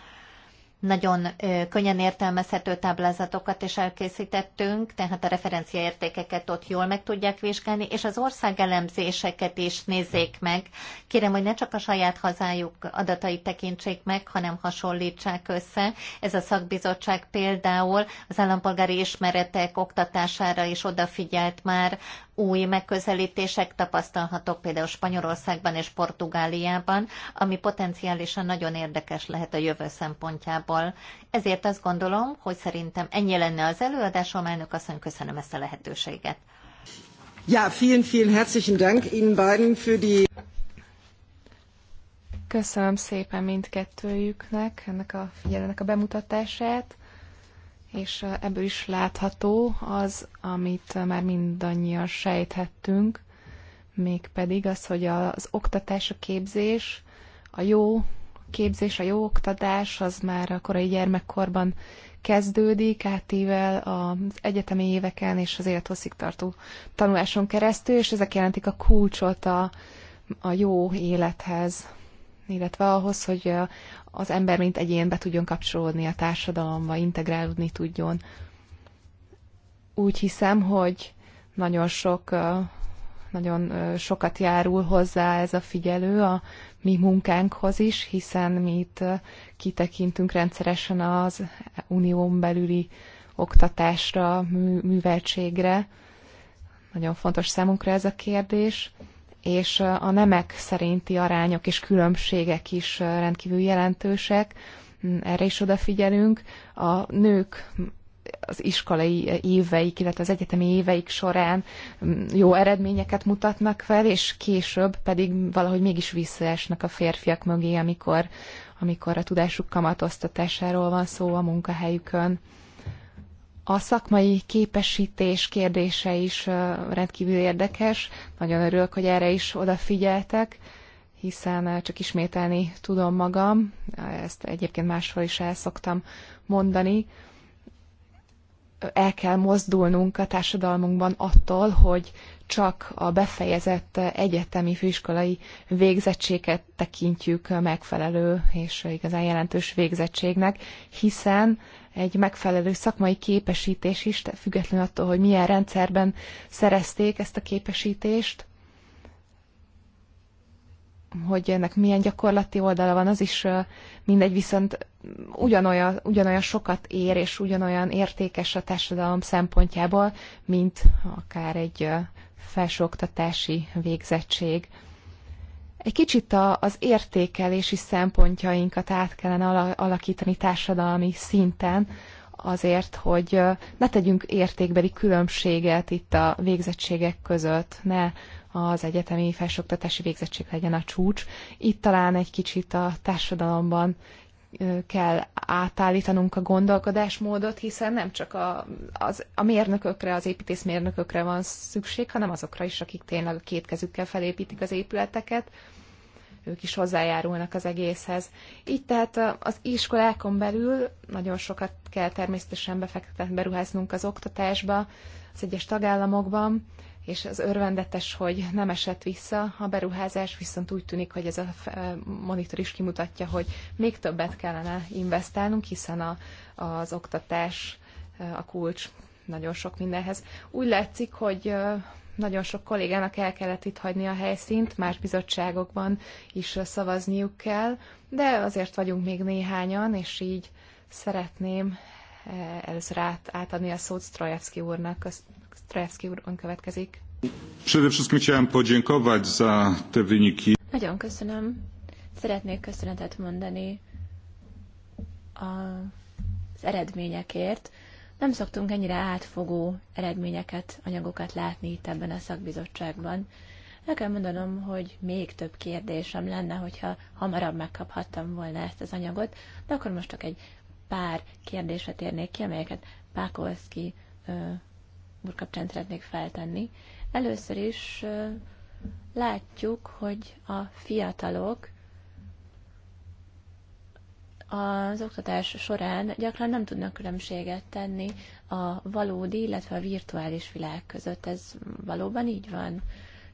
nagyon könnyen értelmezhető táblázatokat is elkészítettünk, tehát a referenciaértékeket ott jól meg tudják vizsgálni, és az ország elemzéseket is nézzék meg. Kérem, hogy ne csak a saját hazájuk adatait tekintsék meg, hanem hasonlítsák össze. Ez a szakbizottság például az állampolgári ismeretek oktatására is odafigyelt már, új megközelítések tapasztalhatók például Spanyolországban és Portugáliában, ami potenciálisan nagyon érdekes lehet a jövő szempontjából. Ezért azt gondolom, hogy szerintem ennyi lenne az előadásom, elnök asszony, köszönöm ezt a lehetőséget. Ja, vielen, vielen herzlichen Dank Ihnen beiden für die Köszönöm szépen mindkettőjüknek ennek a figyelemnek a bemutatását és ebből is látható az, amit már mindannyian sejthettünk, mégpedig az, hogy az oktatás, a képzés, a jó képzés, a jó oktatás, az már a korai gyermekkorban kezdődik, átível az egyetemi éveken és az élethosszig tartó tanuláson keresztül, és ezek jelentik a kulcsot a, a jó élethez, illetve ahhoz, hogy az ember, mint egyén be tudjon kapcsolódni a társadalomba, integrálódni tudjon. Úgy hiszem, hogy nagyon sok nagyon sokat járul hozzá ez a figyelő a mi munkánkhoz is, hiszen mi itt kitekintünk rendszeresen az unión belüli oktatásra, műveltségre. Nagyon fontos számunkra ez a kérdés és a nemek szerinti arányok és különbségek is rendkívül jelentősek, mm, erre is odafigyelünk. A nők az iskolai éveik, illetve az egyetemi éveik során jó eredményeket mutatnak fel, és később pedig valahogy mégis visszaesnek a férfiak mögé, amikor, amikor a tudásuk kamatoztatásáról van szó a munkahelyükön. A szakmai képesítés kérdése is rendkívül érdekes. Nagyon örülök, hogy erre is odafigyeltek, hiszen csak ismételni tudom magam. Ezt egyébként máshol is el szoktam mondani. El kell mozdulnunk a társadalmunkban attól, hogy csak a befejezett egyetemi főiskolai végzettséget tekintjük megfelelő és igazán jelentős végzettségnek, hiszen egy megfelelő szakmai képesítés is, függetlenül attól, hogy milyen rendszerben szerezték ezt a képesítést, hogy ennek milyen gyakorlati oldala van, az is mindegy, viszont ugyanolyan, ugyanolyan sokat ér, és ugyanolyan értékes a társadalom szempontjából, mint akár egy felsőoktatási végzettség. Egy kicsit a, az értékelési szempontjainkat át kellene alakítani társadalmi szinten, azért, hogy ne tegyünk értékbeli különbséget itt a végzettségek között, ne az egyetemi felsőoktatási végzettség legyen a csúcs. Itt talán egy kicsit a társadalomban kell átállítanunk a gondolkodásmódot, hiszen nem csak a, az, a mérnökökre, az építészmérnökökre van szükség, hanem azokra is, akik tényleg a két kezükkel felépítik az épületeket, ők is hozzájárulnak az egészhez. Így tehát az iskolákon belül nagyon sokat kell természetesen befektetni, beruháznunk az oktatásba, az egyes tagállamokban, és az örvendetes, hogy nem esett vissza a beruházás, viszont úgy tűnik, hogy ez a e, monitor is kimutatja, hogy még többet kellene investálnunk, hiszen a, az oktatás e, a kulcs nagyon sok mindenhez. Úgy látszik, hogy e, nagyon sok kollégának el kellett itt hagyni a helyszínt, más bizottságokban is szavazniuk kell, de azért vagyunk még néhányan, és így szeretném Eh, először át, átadni a szót Strojevski úrnak. Strojevski úr ön következik. Przede wszystkim chciałem podziękować za te wyniki. Nagyon köszönöm. Szeretnék köszönetet mondani az eredményekért. Nem szoktunk ennyire átfogó eredményeket, anyagokat látni itt ebben a szakbizottságban. El kell mondanom, hogy még több kérdésem lenne, hogyha hamarabb megkaphattam volna ezt az anyagot, de akkor most csak egy pár kérdésre térnék ki, amelyeket Pákolszki uh, kapcsán szeretnék feltenni. Először is uh, látjuk, hogy a fiatalok az oktatás során gyakran nem tudnak különbséget tenni a valódi, illetve a virtuális világ között. Ez valóban így van?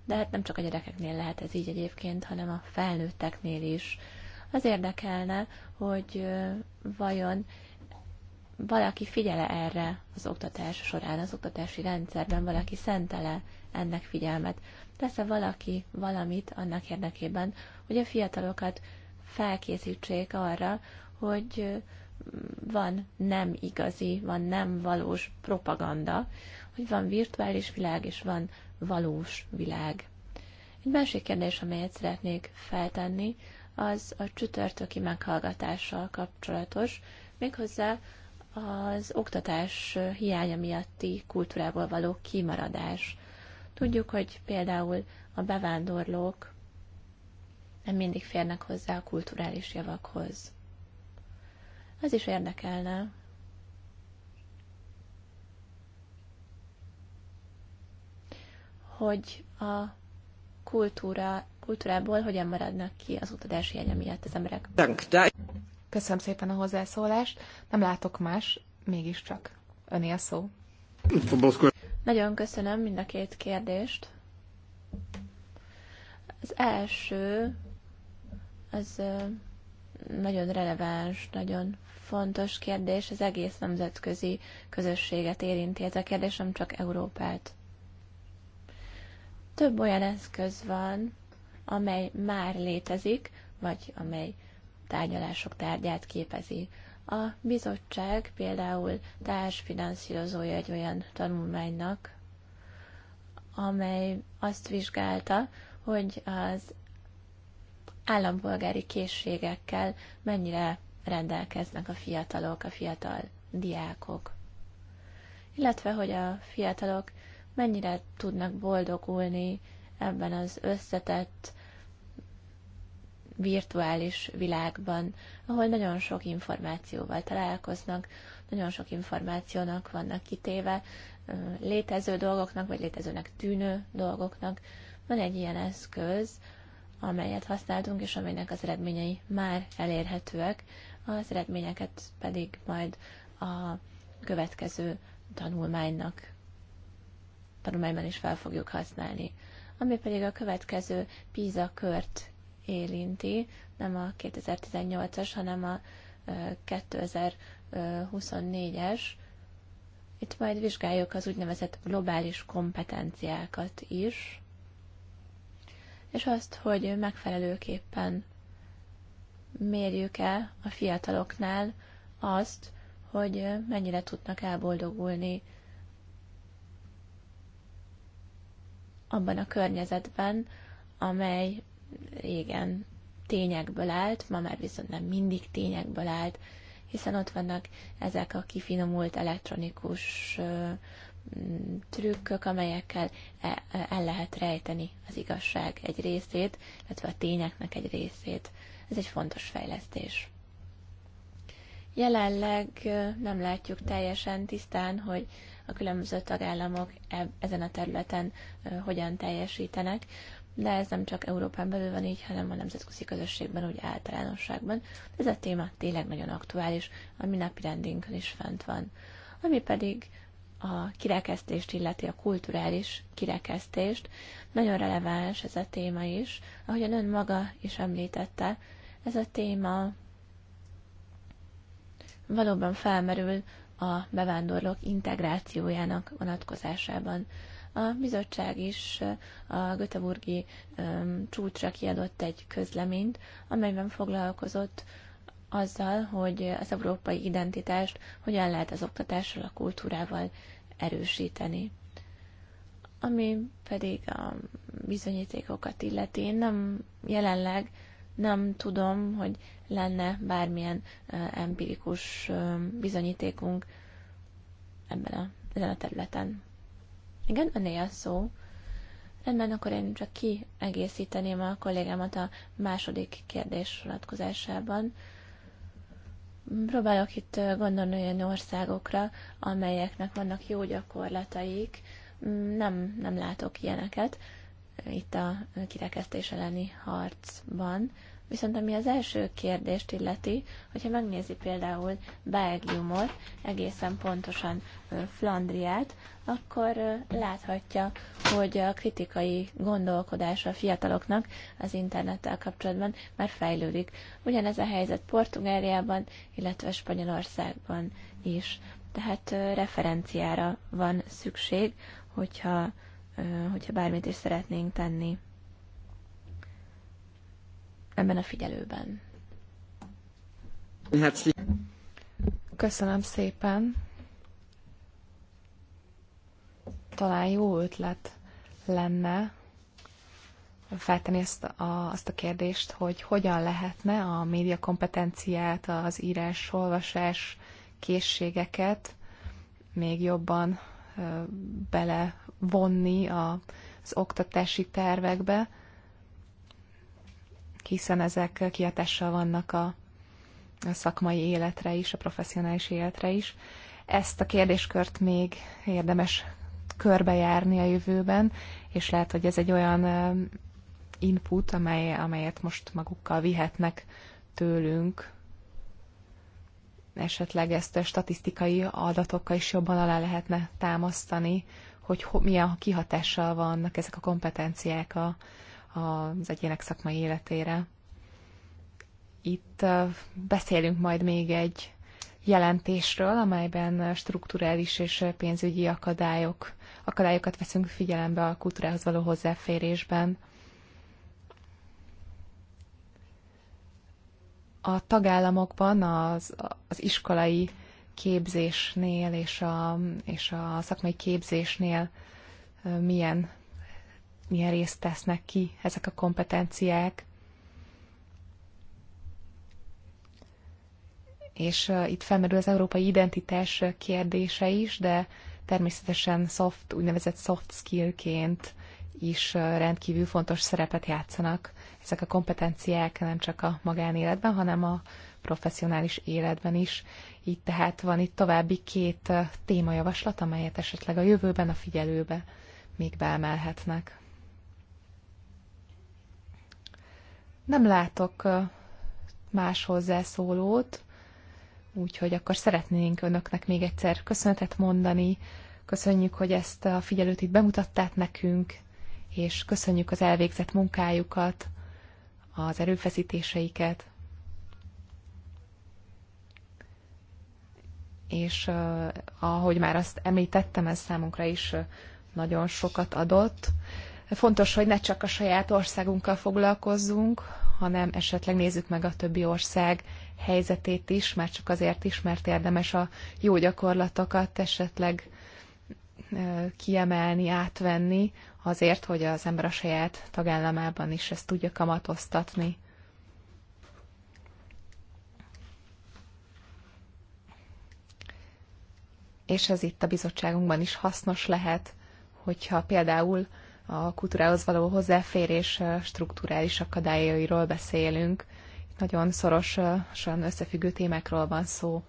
De hát nem csak a gyerekeknél lehet ez így egyébként, hanem a felnőtteknél is az érdekelne, hogy vajon valaki figyele erre az oktatás során, az oktatási rendszerben, valaki szentele ennek figyelmet. Tesz-e valaki valamit annak érdekében, hogy a fiatalokat felkészítsék arra, hogy van nem igazi, van nem valós propaganda, hogy van virtuális világ és van valós világ. Egy másik kérdés, amelyet szeretnék feltenni, az a csütörtöki meghallgatással kapcsolatos, méghozzá az oktatás hiánya miatti kultúrából való kimaradás. Tudjuk, hogy például a bevándorlók nem mindig férnek hozzá a kulturális javakhoz. Az is érdekelne, hogy a kultúra kultúrából hogyan maradnak ki az utadási jegye miatt az emberek. Köszönöm szépen a hozzászólást. Nem látok más, mégiscsak. Öné a szó. Nagyon köszönöm mind a két kérdést. Az első, az nagyon releváns, nagyon fontos kérdés, az egész nemzetközi közösséget érinti ez a kérdés, nem csak Európát. Több olyan eszköz van, amely már létezik, vagy amely tárgyalások tárgyát képezi. A bizottság például társfinanszírozója egy olyan tanulmánynak, amely azt vizsgálta, hogy az állampolgári készségekkel mennyire rendelkeznek a fiatalok, a fiatal diákok, illetve hogy a fiatalok mennyire tudnak boldogulni ebben az összetett, virtuális világban, ahol nagyon sok információval találkoznak, nagyon sok információnak vannak kitéve, létező dolgoknak, vagy létezőnek tűnő dolgoknak. Van egy ilyen eszköz, amelyet használtunk, és amelynek az eredményei már elérhetőek, az eredményeket pedig majd a következő tanulmánynak, tanulmányban is fel fogjuk használni. Ami pedig a következő PISA kört érinti, nem a 2018-as, hanem a 2024-es. Itt majd vizsgáljuk az úgynevezett globális kompetenciákat is, és azt, hogy megfelelőképpen mérjük-e a fiataloknál azt, hogy mennyire tudnak elboldogulni abban a környezetben, amely régen tényekből állt, ma már viszont nem mindig tényekből állt, hiszen ott vannak ezek a kifinomult elektronikus mm, trükkök, amelyekkel e, e, el lehet rejteni az igazság egy részét, illetve a tényeknek egy részét. Ez egy fontos fejlesztés. Jelenleg nem látjuk teljesen tisztán, hogy a különböző tagállamok ezen a területen hogyan teljesítenek de ez nem csak Európán belül van így, hanem a nemzetközi közösségben úgy általánosságban. Ez a téma tényleg nagyon aktuális, a mi rendünkön is fent van. Ami pedig a kirekesztést illeti, a kulturális kirekesztést. Nagyon releváns ez a téma is. Ahogyan ön maga is említette, ez a téma valóban felmerül a bevándorlók integrációjának vonatkozásában. A bizottság is a Göteborgi csúcsra kiadott egy közleményt, amelyben foglalkozott azzal, hogy az európai identitást hogyan lehet az oktatással, a kultúrával erősíteni. Ami pedig a bizonyítékokat illeti, én nem jelenleg nem tudom, hogy lenne bármilyen empirikus bizonyítékunk ebben a, ezen a területen. Igen, a néha szó. Rendben, akkor én csak kiegészíteném a kollégámat a második kérdés vonatkozásában. Próbálok itt gondolni olyan országokra, amelyeknek vannak jó gyakorlataik. Mm, nem, nem látok ilyeneket itt a kirekesztés elleni harcban. Viszont ami az első kérdést illeti, hogyha megnézi például Belgiumot, egészen pontosan Flandriát, akkor láthatja, hogy a kritikai gondolkodás a fiataloknak az internettel kapcsolatban már fejlődik. Ugyanez a helyzet Portugáliában, illetve Spanyolországban is. Tehát referenciára van szükség, hogyha, hogyha bármit is szeretnénk tenni ebben a figyelőben. Köszönöm szépen. Talán jó ötlet lenne feltenni ezt a, azt a kérdést, hogy hogyan lehetne a média kompetenciát, az írás, olvasás készségeket még jobban belevonni az oktatási tervekbe, hiszen ezek kihatással vannak a, a szakmai életre is, a professzionális életre is. Ezt a kérdéskört még érdemes körbejárni a jövőben, és lehet, hogy ez egy olyan input, amely, amelyet most magukkal vihetnek tőlünk. Esetleg ezt a statisztikai adatokkal is jobban alá lehetne támasztani, hogy ho, milyen kihatással vannak ezek a kompetenciák a, az egyének szakmai életére. Itt uh, beszélünk majd még egy jelentésről, amelyben strukturális és pénzügyi akadályok, akadályokat veszünk figyelembe a kultúrához való hozzáférésben. A tagállamokban az, az iskolai képzésnél és a, és a szakmai képzésnél uh, milyen milyen részt tesznek ki ezek a kompetenciák. És itt felmerül az európai identitás kérdése is, de természetesen soft, úgynevezett soft skillként is rendkívül fontos szerepet játszanak ezek a kompetenciák nem csak a magánéletben, hanem a professzionális életben is. Így tehát van itt további két témajavaslat, amelyet esetleg a jövőben a figyelőbe még beemelhetnek. Nem látok más hozzászólót, úgyhogy akkor szeretnénk önöknek még egyszer köszönetet mondani. Köszönjük, hogy ezt a figyelőt itt bemutatták nekünk, és köszönjük az elvégzett munkájukat, az erőfeszítéseiket. És ahogy már azt említettem, ez számunkra is nagyon sokat adott. Fontos, hogy ne csak a saját országunkkal foglalkozzunk, hanem esetleg nézzük meg a többi ország helyzetét is, már csak azért is, mert érdemes a jó gyakorlatokat esetleg kiemelni, átvenni, azért, hogy az ember a saját tagállamában is ezt tudja kamatoztatni. És ez itt a bizottságunkban is hasznos lehet, hogyha például a kultúrához való hozzáférés strukturális akadályairól beszélünk. Itt nagyon szorosan összefüggő témákról van szó.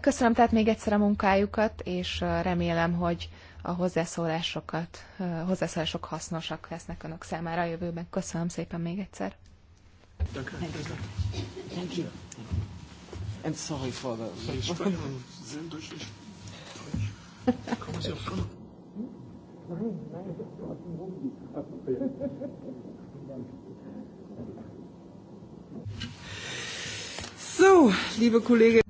Köszönöm tehát még egyszer a munkájukat, és remélem, hogy a hozzászólásokat, hozzászólások hasznosak lesznek önök számára a jövőben. Köszönöm szépen még egyszer. Thank you. And sorry for the... [LAUGHS] So, liebe Kollegen.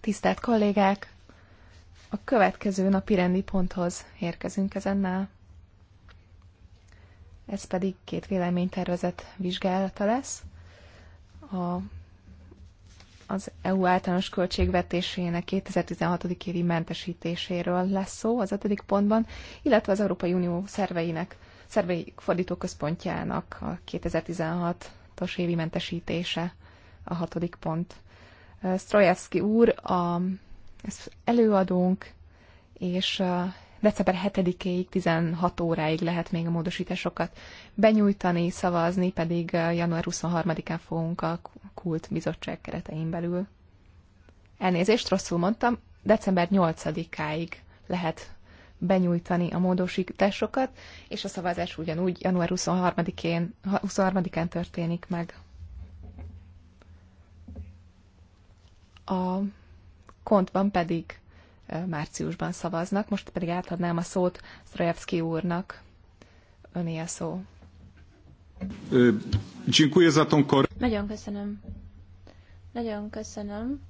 Tisztelt kollégák, a következő napi rendi ponthoz érkezünk ezennel. Ez pedig két véleménytervezet vizsgálata lesz. A az EU általános költségvetésének 2016. évi mentesítéséről lesz szó az ötödik pontban, illetve az Európai Unió szerveinek, szervei fordítóközpontjának a 2016-os évi mentesítése a hatodik pont. Strojevski úr, a, előadónk, és december 7-ig 16 óráig lehet még a módosításokat benyújtani, szavazni, pedig január 23-án fogunk a kult bizottság keretein belül. Elnézést, rosszul mondtam, december 8-áig lehet benyújtani a módosításokat, és a szavazás ugyanúgy január 23-én, 23 történik meg. A kontban pedig márciusban szavaznak. Most pedig átadnám a szót Strojevski úrnak. Öné a szó. Nagyon köszönöm. Nagyon köszönöm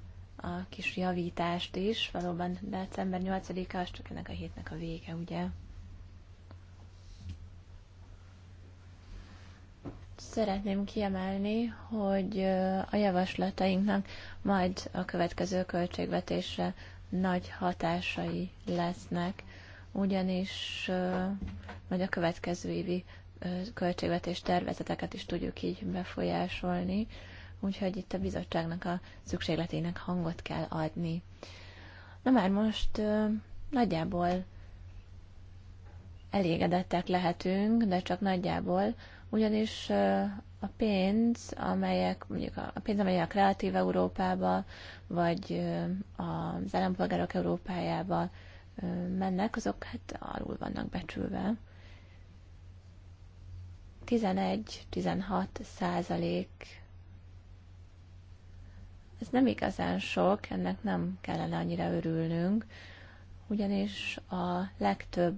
a kis javítást is. Valóban december 8-a, az csak ennek a hétnek a vége, ugye? Szeretném kiemelni, hogy a javaslatainknak majd a következő költségvetésre nagy hatásai lesznek, ugyanis majd a következő évi költségvetés tervezeteket is tudjuk így befolyásolni, úgyhogy itt a bizottságnak a szükségletének hangot kell adni. Na már most nagyjából elégedettek lehetünk, de csak nagyjából, ugyanis a pénz, amelyek mondjuk a pénz, amelyek a Kreatív Európába, vagy az Állampolgárok Európájába mennek, azok hát alul vannak becsülve. 11-16 százalék ez nem igazán sok, ennek nem kellene annyira örülnünk, ugyanis a legtöbb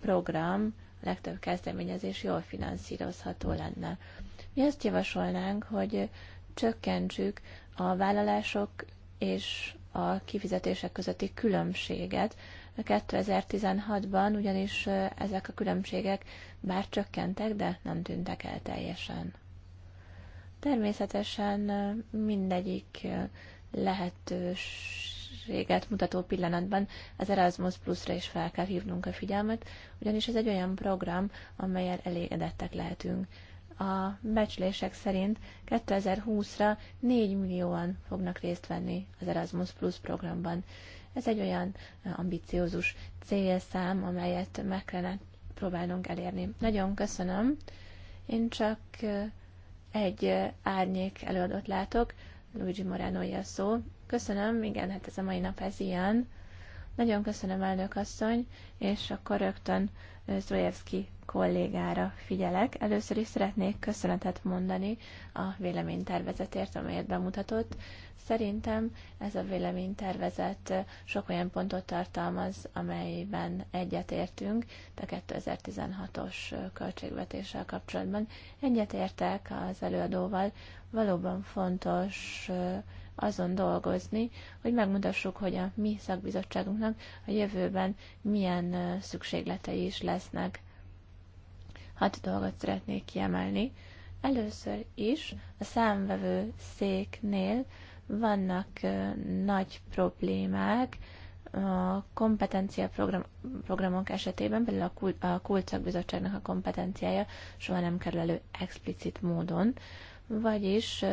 program, a legtöbb kezdeményezés jól finanszírozható lenne. Mi azt javasolnánk, hogy csökkentsük a vállalások és a kifizetések közötti különbséget. 2016-ban ugyanis ezek a különbségek bár csökkentek, de nem tűntek el teljesen. Természetesen mindegyik lehetőséget mutató pillanatban az Erasmus Plus-ra is fel kell hívnunk a figyelmet, ugyanis ez egy olyan program, amelyel elégedettek lehetünk a becslések szerint 2020-ra 4 millióan fognak részt venni az Erasmus Plus programban. Ez egy olyan ambiciózus célszám, amelyet meg kellene próbálnunk elérni. Nagyon köszönöm. Én csak egy árnyék előadót látok, Luigi morano a szó. Köszönöm, igen, hát ez a mai nap ez ilyen. Nagyon köszönöm, elnök asszony, és akkor rögtön Zrojevski kollégára figyelek. Először is szeretnék köszönetet mondani a véleménytervezetért, amelyet bemutatott. Szerintem ez a véleménytervezet sok olyan pontot tartalmaz, amelyben egyetértünk a 2016-os költségvetéssel kapcsolatban. Egyetértek az előadóval, valóban fontos azon dolgozni, hogy megmutassuk, hogy a mi szakbizottságunknak a jövőben milyen szükségletei is lesznek hat dolgot szeretnék kiemelni. Először is a számvevő széknél vannak nagy problémák a kompetencia program, programok esetében, például a, kulcsakbizottságnak a kompetenciája soha nem kerül elő explicit módon, vagyis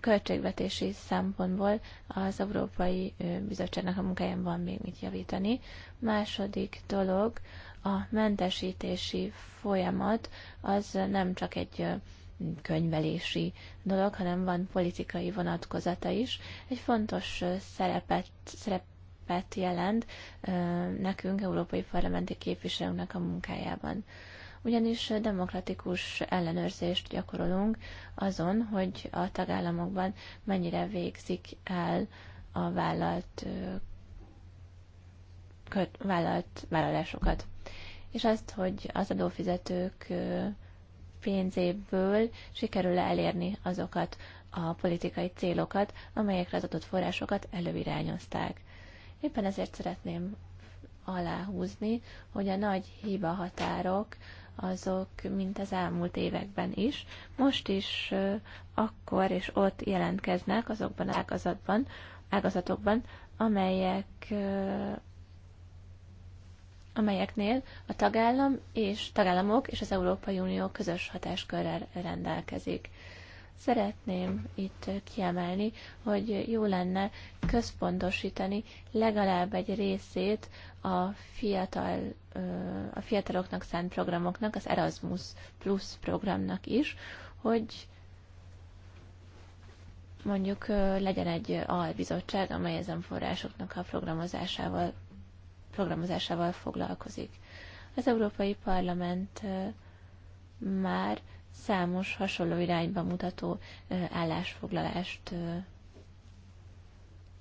költségvetési szempontból az Európai Bizottságnak a munkáján van még mit javítani. Második dolog a mentesítési folyamat az nem csak egy könyvelési dolog, hanem van politikai vonatkozata is. Egy fontos szerepet, szerepet jelent nekünk, európai parlamenti képviselőknek a munkájában ugyanis demokratikus ellenőrzést gyakorolunk azon, hogy a tagállamokban mennyire végzik el a vállalt, vállalt vállalásokat és azt, hogy az adófizetők pénzéből sikerül -e elérni azokat a politikai célokat, amelyekre az adott forrásokat előirányozták. Éppen ezért szeretném aláhúzni, hogy a nagy hiba határok azok, mint az elmúlt években is, most is akkor és ott jelentkeznek azokban ágazatban, ágazatokban, amelyek amelyeknél a tagállam és tagállamok és az Európai Unió közös hatáskörrel rendelkezik. Szeretném itt kiemelni, hogy jó lenne központosítani legalább egy részét a, fiatal, a fiataloknak szánt programoknak, az Erasmus Plus programnak is, hogy mondjuk legyen egy albizottság, amely ezen forrásoknak a programozásával programozásával foglalkozik. Az Európai Parlament már számos hasonló irányba mutató állásfoglalást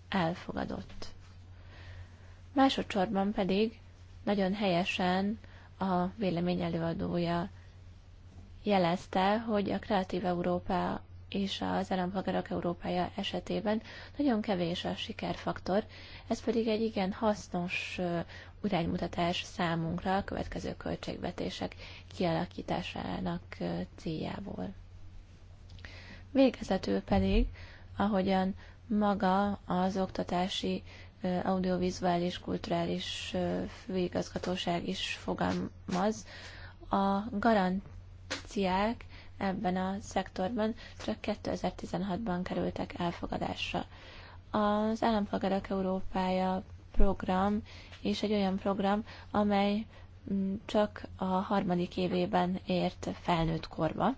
elfogadott. Másodszorban pedig nagyon helyesen a vélemény előadója jelezte, hogy a Kreatív Európa és az állampolgárok Európája esetében nagyon kevés a sikerfaktor, ez pedig egy igen hasznos iránymutatás számunkra a következő költségvetések kialakításának céljából. Végezetül pedig, ahogyan maga az oktatási audiovizuális kulturális főigazgatóság is fogalmaz, a garanciák ebben a szektorban csak 2016-ban kerültek elfogadásra. Az Állampolgárok Európája program és egy olyan program, amely mm, csak a harmadik évében ért felnőtt korba.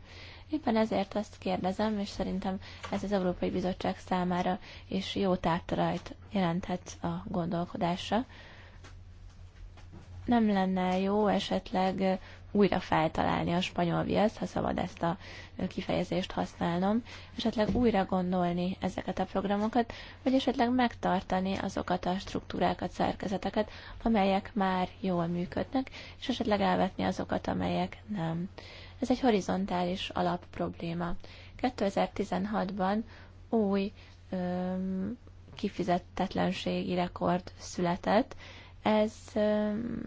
Éppen ezért azt kérdezem, és szerintem ez az Európai Bizottság számára is jó tártarajt jelenthet a gondolkodásra. Nem lenne jó esetleg újra feltalálni a spanyol viaszt, ha szabad ezt a kifejezést használnom, esetleg újra gondolni ezeket a programokat, vagy esetleg megtartani azokat a struktúrákat, szerkezeteket, amelyek már jól működnek, és esetleg elvetni azokat, amelyek nem. Ez egy horizontális alapprobléma. 2016-ban új öm, kifizettetlenségi rekord született, ez öm,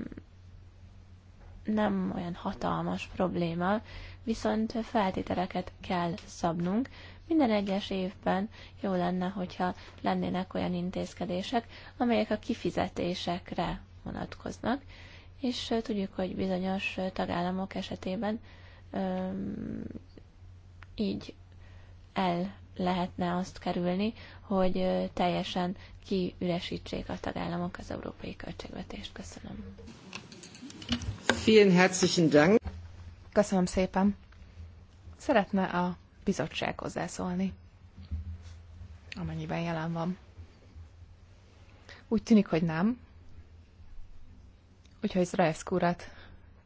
nem olyan hatalmas probléma, viszont feltételeket kell szabnunk. Minden egyes évben jó lenne, hogyha lennének olyan intézkedések, amelyek a kifizetésekre vonatkoznak, és tudjuk, hogy bizonyos tagállamok esetében öm, így el lehetne azt kerülni, hogy teljesen kiüresítsék a tagállamok az európai költségvetést. Köszönöm. Vielen herzlichen Dank. Köszönöm szépen. Szeretne a bizottság hozzászólni, amennyiben jelen van. Úgy tűnik, hogy nem. Úgyhogy Zraevszk urat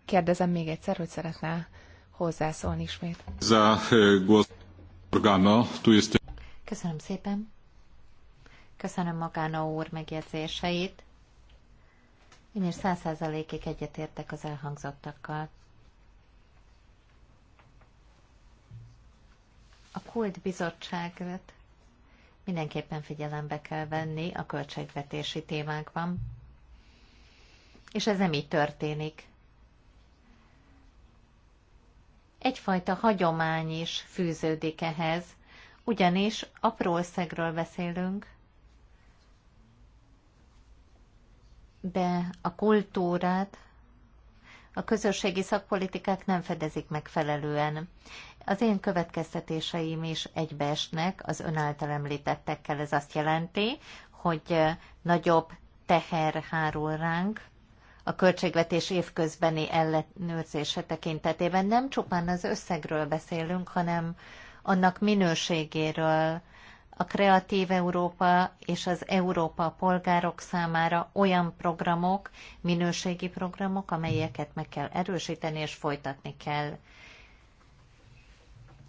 kérdezem még egyszer, hogy szeretne hozzászólni ismét. E, Köszönöm szépen. Köszönöm Magana úr megjegyzéseit. Én is száz százalékig egyetértek az elhangzottakkal. A kult bizottságot mindenképpen figyelembe kell venni a költségvetési témákban. És ez nem így történik. Egyfajta hagyomány is fűződik ehhez, ugyanis apró összegről beszélünk, be a kultúrát a közösségi szakpolitikák nem fedezik megfelelően. Az én következtetéseim is egybeesnek az ön által említettekkel. Ez azt jelenti, hogy nagyobb teher hárul ránk a költségvetés évközbeni ellenőrzése tekintetében. Nem csupán az összegről beszélünk, hanem annak minőségéről, a Kreatív Európa és az Európa polgárok számára olyan programok, minőségi programok, amelyeket meg kell erősíteni és folytatni kell.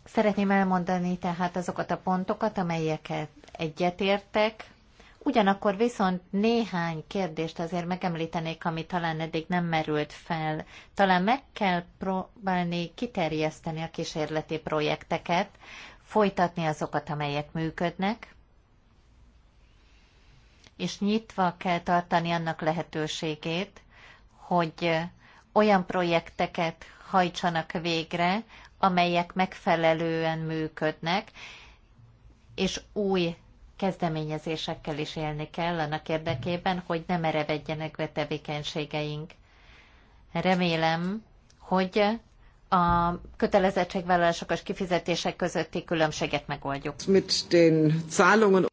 Szeretném elmondani tehát azokat a pontokat, amelyeket egyetértek, Ugyanakkor viszont néhány kérdést azért megemlítenék, ami talán eddig nem merült fel. Talán meg kell próbálni kiterjeszteni a kísérleti projekteket, folytatni azokat, amelyek működnek, és nyitva kell tartani annak lehetőségét, hogy olyan projekteket hajtsanak végre, amelyek megfelelően működnek, és új kezdeményezésekkel is élni kell annak érdekében, hogy ne merevedjenek be tevékenységeink. Remélem, hogy a kötelezettségvállalások és kifizetések közötti különbséget megoldjuk. Mit den Zahlungen...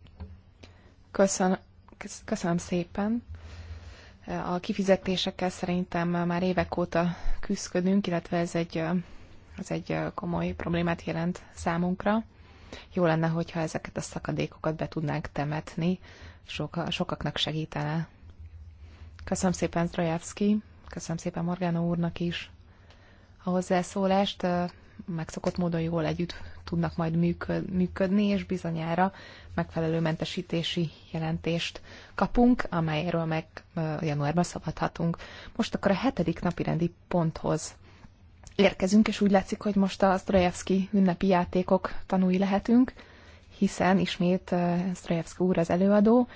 köszönöm szépen. A kifizetésekkel szerintem már évek óta küzdködünk, illetve ez egy, ez egy komoly problémát jelent számunkra. Jó lenne, hogyha ezeket a szakadékokat be tudnánk temetni, Soka, sokaknak segítene. Köszönöm szépen Zdrajevski, köszönöm szépen Morgana úrnak is a hozzászólást, megszokott módon jól együtt tudnak majd működni, és bizonyára megfelelő mentesítési jelentést kapunk, amelyről meg januárban szabadhatunk. Most akkor a hetedik napi rendi ponthoz érkezünk, és úgy látszik, hogy most a Sztrajevszki ünnepi játékok tanúi lehetünk, hiszen ismét Sztrajevszki úr az előadó,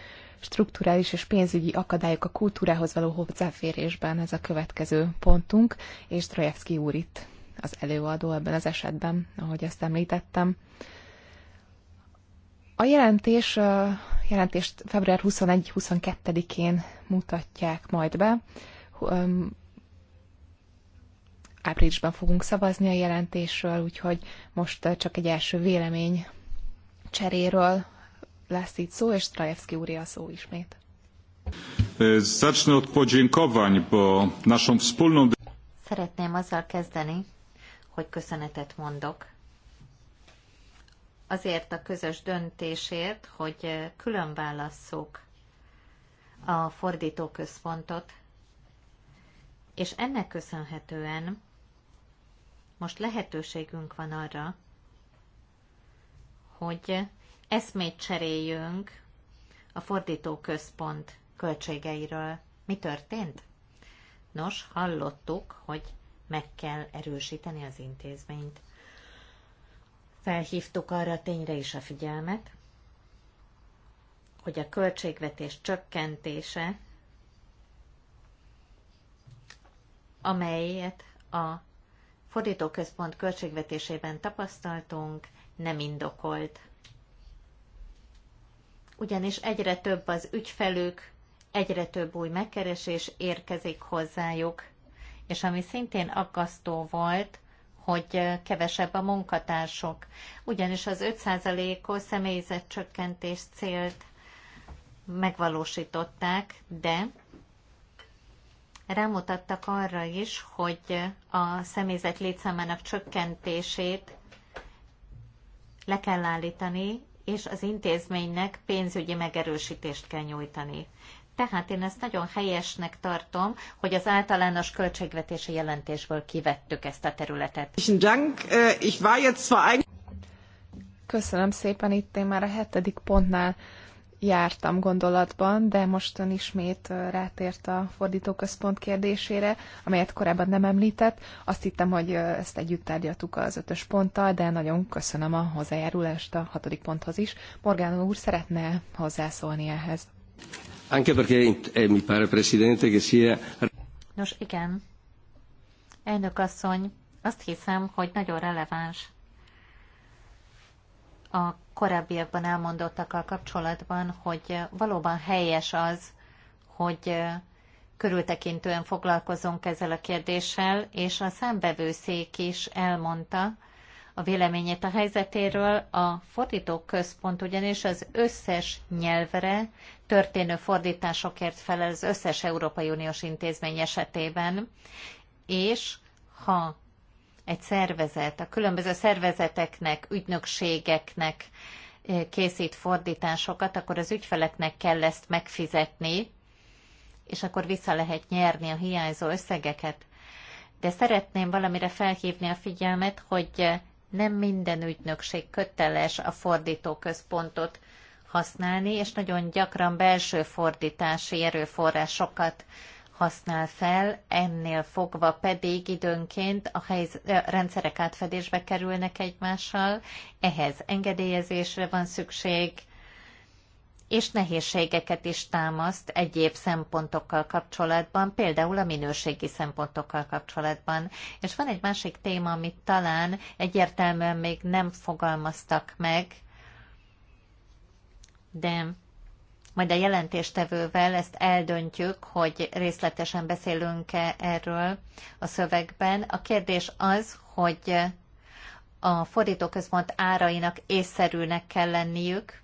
strukturális és pénzügyi akadályok a kultúrához való hozzáférésben, ez a következő pontunk, és Trojevski úr itt az előadó ebben az esetben, ahogy ezt említettem. A jelentés, a jelentést február 21-22-én mutatják majd be. Áprilisban fogunk szavazni a jelentésről, úgyhogy most csak egy első vélemény cseréről lesz itt szó, és Strajewski úré a szó ismét. E, Szeretném azzal kezdeni, hogy köszönetet mondok azért a közös döntésért, hogy e, külön válasszuk a fordítóközpontot, és ennek köszönhetően most lehetőségünk van arra, hogy eszmét cseréljünk a fordító központ költségeiről. Mi történt? Nos, hallottuk, hogy meg kell erősíteni az intézményt. Felhívtuk arra a tényre is a figyelmet, hogy a költségvetés csökkentése, amelyet a fordítóközpont költségvetésében tapasztaltunk, nem indokolt ugyanis egyre több az ügyfelük, egyre több új megkeresés érkezik hozzájuk, és ami szintén aggasztó volt, hogy kevesebb a munkatársok, ugyanis az 5%-os személyzetcsökkentés célt megvalósították, de rámutattak arra is, hogy a személyzet létszámának csökkentését le kell állítani, és az intézménynek pénzügyi megerősítést kell nyújtani. Tehát én ezt nagyon helyesnek tartom, hogy az általános költségvetési jelentésből kivettük ezt a területet. Äh, Köszönöm szépen, itt én már a hetedik pontnál jártam gondolatban, de ön ismét rátért a fordítóközpont kérdésére, amelyet korábban nem említett. Azt hittem, hogy ezt együtt tárgyaltuk az ötös ponttal, de nagyon köszönöm a hozzájárulást a hatodik ponthoz is. Morgán úr szeretne hozzászólni ehhez. Anche perché eh, mi pare, Presidente, che sia... Nos, igen. Elnök asszony, azt hiszem, hogy nagyon releváns a korábbiakban elmondottakkal kapcsolatban, hogy valóban helyes az, hogy körültekintően foglalkozunk ezzel a kérdéssel, és a számbevőszék is elmondta a véleményét a helyzetéről. A fordítóközpont ugyanis az összes nyelvre történő fordításokért felel az összes Európai Uniós intézmény esetében, és ha egy szervezet, a különböző szervezeteknek, ügynökségeknek eh, készít fordításokat, akkor az ügyfeleknek kell ezt megfizetni, és akkor vissza lehet nyerni a hiányzó összegeket. De szeretném valamire felhívni a figyelmet, hogy nem minden ügynökség köteles a fordítóközpontot használni, és nagyon gyakran belső fordítási erőforrásokat használ fel, ennél fogva pedig időnként a helyz, rendszerek átfedésbe kerülnek egymással, ehhez engedélyezésre van szükség, és nehézségeket is támaszt egyéb szempontokkal kapcsolatban, például a minőségi szempontokkal kapcsolatban. És van egy másik téma, amit talán egyértelműen még nem fogalmaztak meg, de majd a jelentéstevővel ezt eldöntjük, hogy részletesen beszélünk-e erről a szövegben. A kérdés az, hogy a fordítóközpont árainak észszerűnek kell lenniük,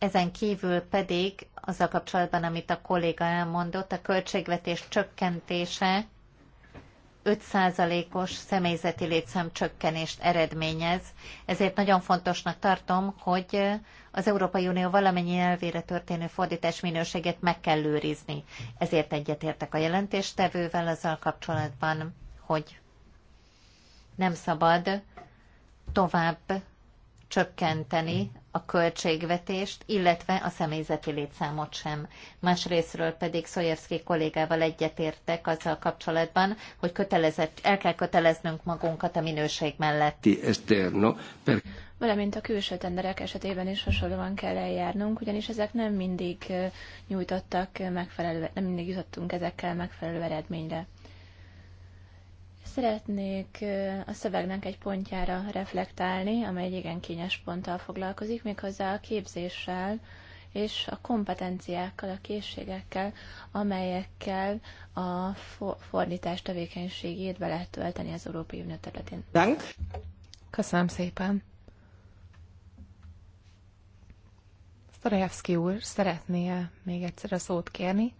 Ezen kívül pedig azzal kapcsolatban, amit a kolléga elmondott, a költségvetés csökkentése 5%-os személyzeti létszám csökkenést eredményez, ezért nagyon fontosnak tartom, hogy az Európai Unió valamennyi nyelvére történő fordítás minőséget meg kell őrizni. Ezért egyetértek a jelentéstevővel azzal kapcsolatban, hogy nem szabad tovább csökkenteni a költségvetést, illetve a személyzeti létszámot sem. Másrésztről pedig Szojevszki kollégával egyetértek azzal kapcsolatban, hogy kötelezett, el kell köteleznünk magunkat a minőség mellett. Valamint a külső tenderek esetében is hasonlóan kell eljárnunk, ugyanis ezek nem mindig nyújtottak megfelelő, nem mindig jutottunk ezekkel megfelelő eredményre. Szeretnék a szövegnek egy pontjára reflektálni, amely egy igen kényes ponttal foglalkozik, méghozzá a képzéssel és a kompetenciákkal, a készségekkel, amelyekkel a fordítás tevékenységét be lehet tölteni az Európai Unió területén. Dank. Köszönöm szépen. Sztorajevszki úr, szeretné -e még egyszer a szót kérni?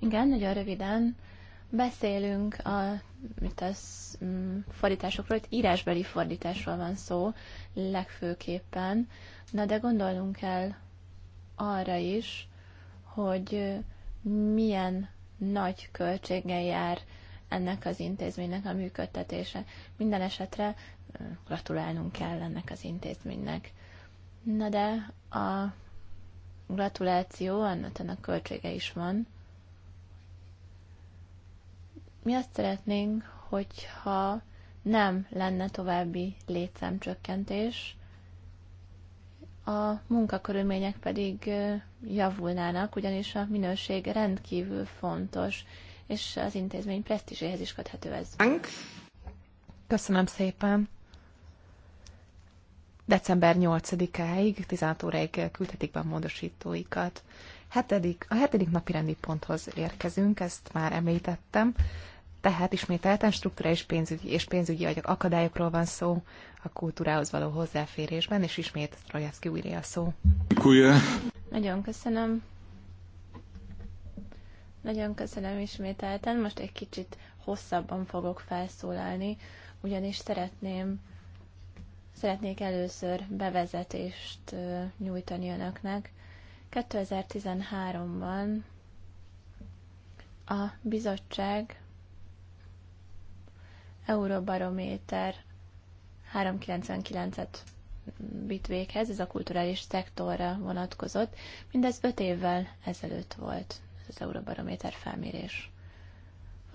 Igen, nagyon röviden beszélünk a, itt az mm, fordításokról, itt írásbeli fordításról van szó legfőképpen, na de gondolunk el arra is, hogy milyen nagy költséggel jár ennek az intézménynek a működtetése. Minden esetre gratulálnunk kell ennek az intézménynek. Na de a Gratuláció, annak költsége is van. Mi azt szeretnénk, hogyha nem lenne további létszámcsökkentés, a munkakörülmények pedig javulnának, ugyanis a minőség rendkívül fontos, és az intézmény presztízséhez is köthető ez. Köszönöm szépen! december 8-áig, 16 óráig küldhetik be a módosítóikat. Hetedik, a hetedik napi rendi ponthoz érkezünk, ezt már említettem, tehát ismételten struktúra és pénzügyi, és pénzügyi akadályokról van szó a kultúrához való hozzáférésben, és ismét Trojaszki újra a szó. Kulja. Nagyon köszönöm. Nagyon köszönöm ismételten. Most egy kicsit hosszabban fogok felszólalni, ugyanis szeretném Szeretnék először bevezetést nyújtani önöknek. 2013-ban a bizottság Euróbarométer 399-et vitt véghez, ez a kulturális szektorra vonatkozott. Mindez 5 évvel ezelőtt volt ez az Euróbarométer felmérés.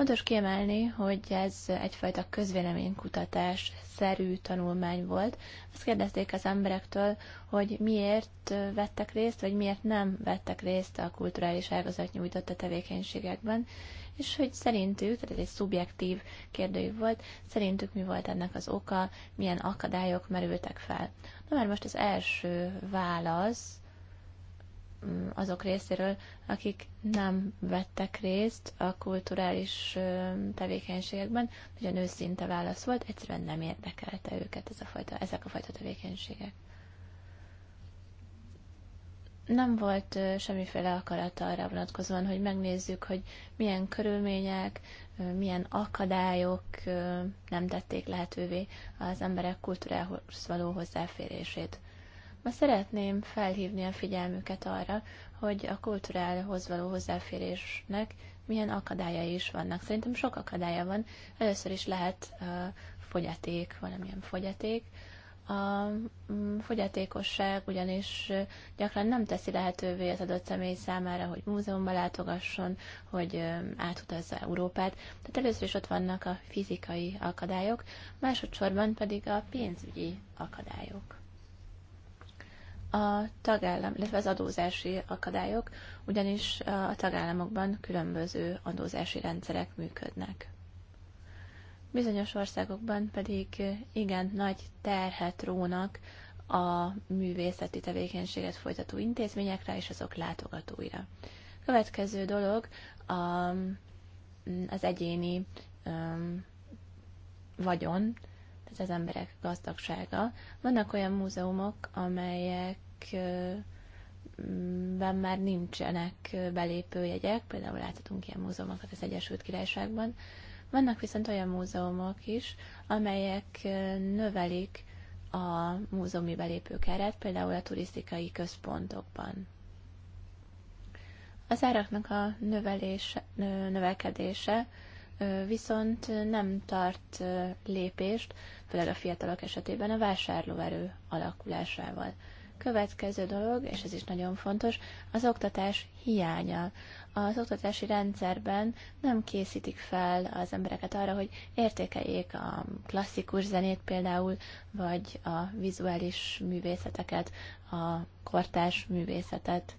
Fontos kiemelni, hogy ez egyfajta közvéleménykutatás szerű tanulmány volt. Azt kérdezték az emberektől, hogy miért vettek részt, vagy miért nem vettek részt a kulturális ágazat nyújtotta tevékenységekben, és hogy szerintük, tehát ez egy szubjektív kérdőív volt, szerintük mi volt ennek az oka, milyen akadályok merültek fel. Na már most az első válasz, Mm, azok részéről, akik nem vettek részt a kulturális tevékenységekben, nagyon őszinte válasz volt, egyszerűen nem érdekelte őket ez a fajta, ezek a fajta tevékenységek. Nem volt semmiféle akarat arra vonatkozóan, hogy megnézzük, hogy milyen körülmények, milyen akadályok nem tették lehetővé az emberek kultúrához való hozzáférését Ma szeretném felhívni a figyelmüket arra, hogy a kulturálhoz való hozzáférésnek milyen akadályai is vannak. Szerintem sok akadálya van. Először is lehet uh, fogyaték, valamilyen fogyaték. A mm, fogyatékosság ugyanis gyakran nem teszi lehetővé az adott személy számára, hogy múzeumban látogasson, hogy átutazza Európát. Tehát először is ott vannak a fizikai akadályok, másodszorban pedig a pénzügyi akadályok a tagállam, illetve az adózási akadályok, ugyanis a tagállamokban különböző adózási rendszerek működnek. Bizonyos országokban pedig igen nagy terhet rónak a művészeti tevékenységet folytató intézményekre és azok látogatóira. Következő dolog a, az egyéni um, vagyon, tehát az emberek gazdagsága. Vannak olyan múzeumok, amelyekben mm, már nincsenek belépőjegyek, például láthatunk ilyen múzeumokat az Egyesült Királyságban. Vannak viszont olyan múzeumok is, amelyek növelik a múzeumi belépők például a turisztikai központokban. Az áraknak a növelése, növekedése viszont nem tart lépést, főleg a fiatalok esetében a vásárlóerő alakulásával. Következő dolog, és ez is nagyon fontos, az oktatás hiánya. Az oktatási rendszerben nem készítik fel az embereket arra, hogy értékeljék a klasszikus zenét például, vagy a vizuális művészeteket, a kortás művészetet.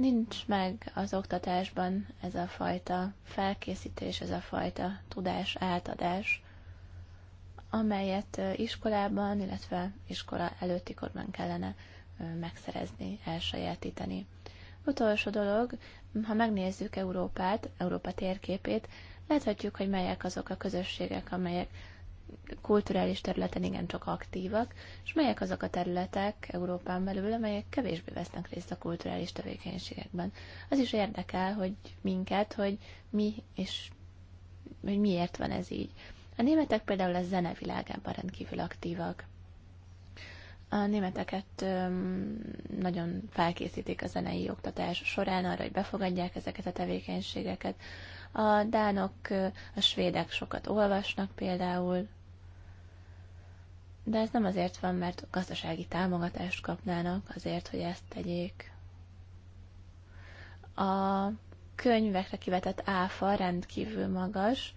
Nincs meg az oktatásban ez a fajta felkészítés, ez a fajta tudás átadás, amelyet iskolában, illetve iskola előtti korban kellene megszerezni, elsajátítani. Utolsó dolog, ha megnézzük Európát, Európa térképét, láthatjuk, hogy melyek azok a közösségek, amelyek kulturális területen igencsak aktívak, és melyek azok a területek Európán belül, amelyek kevésbé vesznek részt a kulturális tevékenységekben. Az is érdekel, hogy minket, hogy mi és hogy miért van ez így. A németek például a zene világában rendkívül aktívak. A németeket nagyon felkészítik a zenei oktatás során arra, hogy befogadják ezeket a tevékenységeket. A dánok, a svédek sokat olvasnak például, de ez nem azért van, mert gazdasági támogatást kapnának azért, hogy ezt tegyék. A könyvekre kivetett áfa rendkívül magas,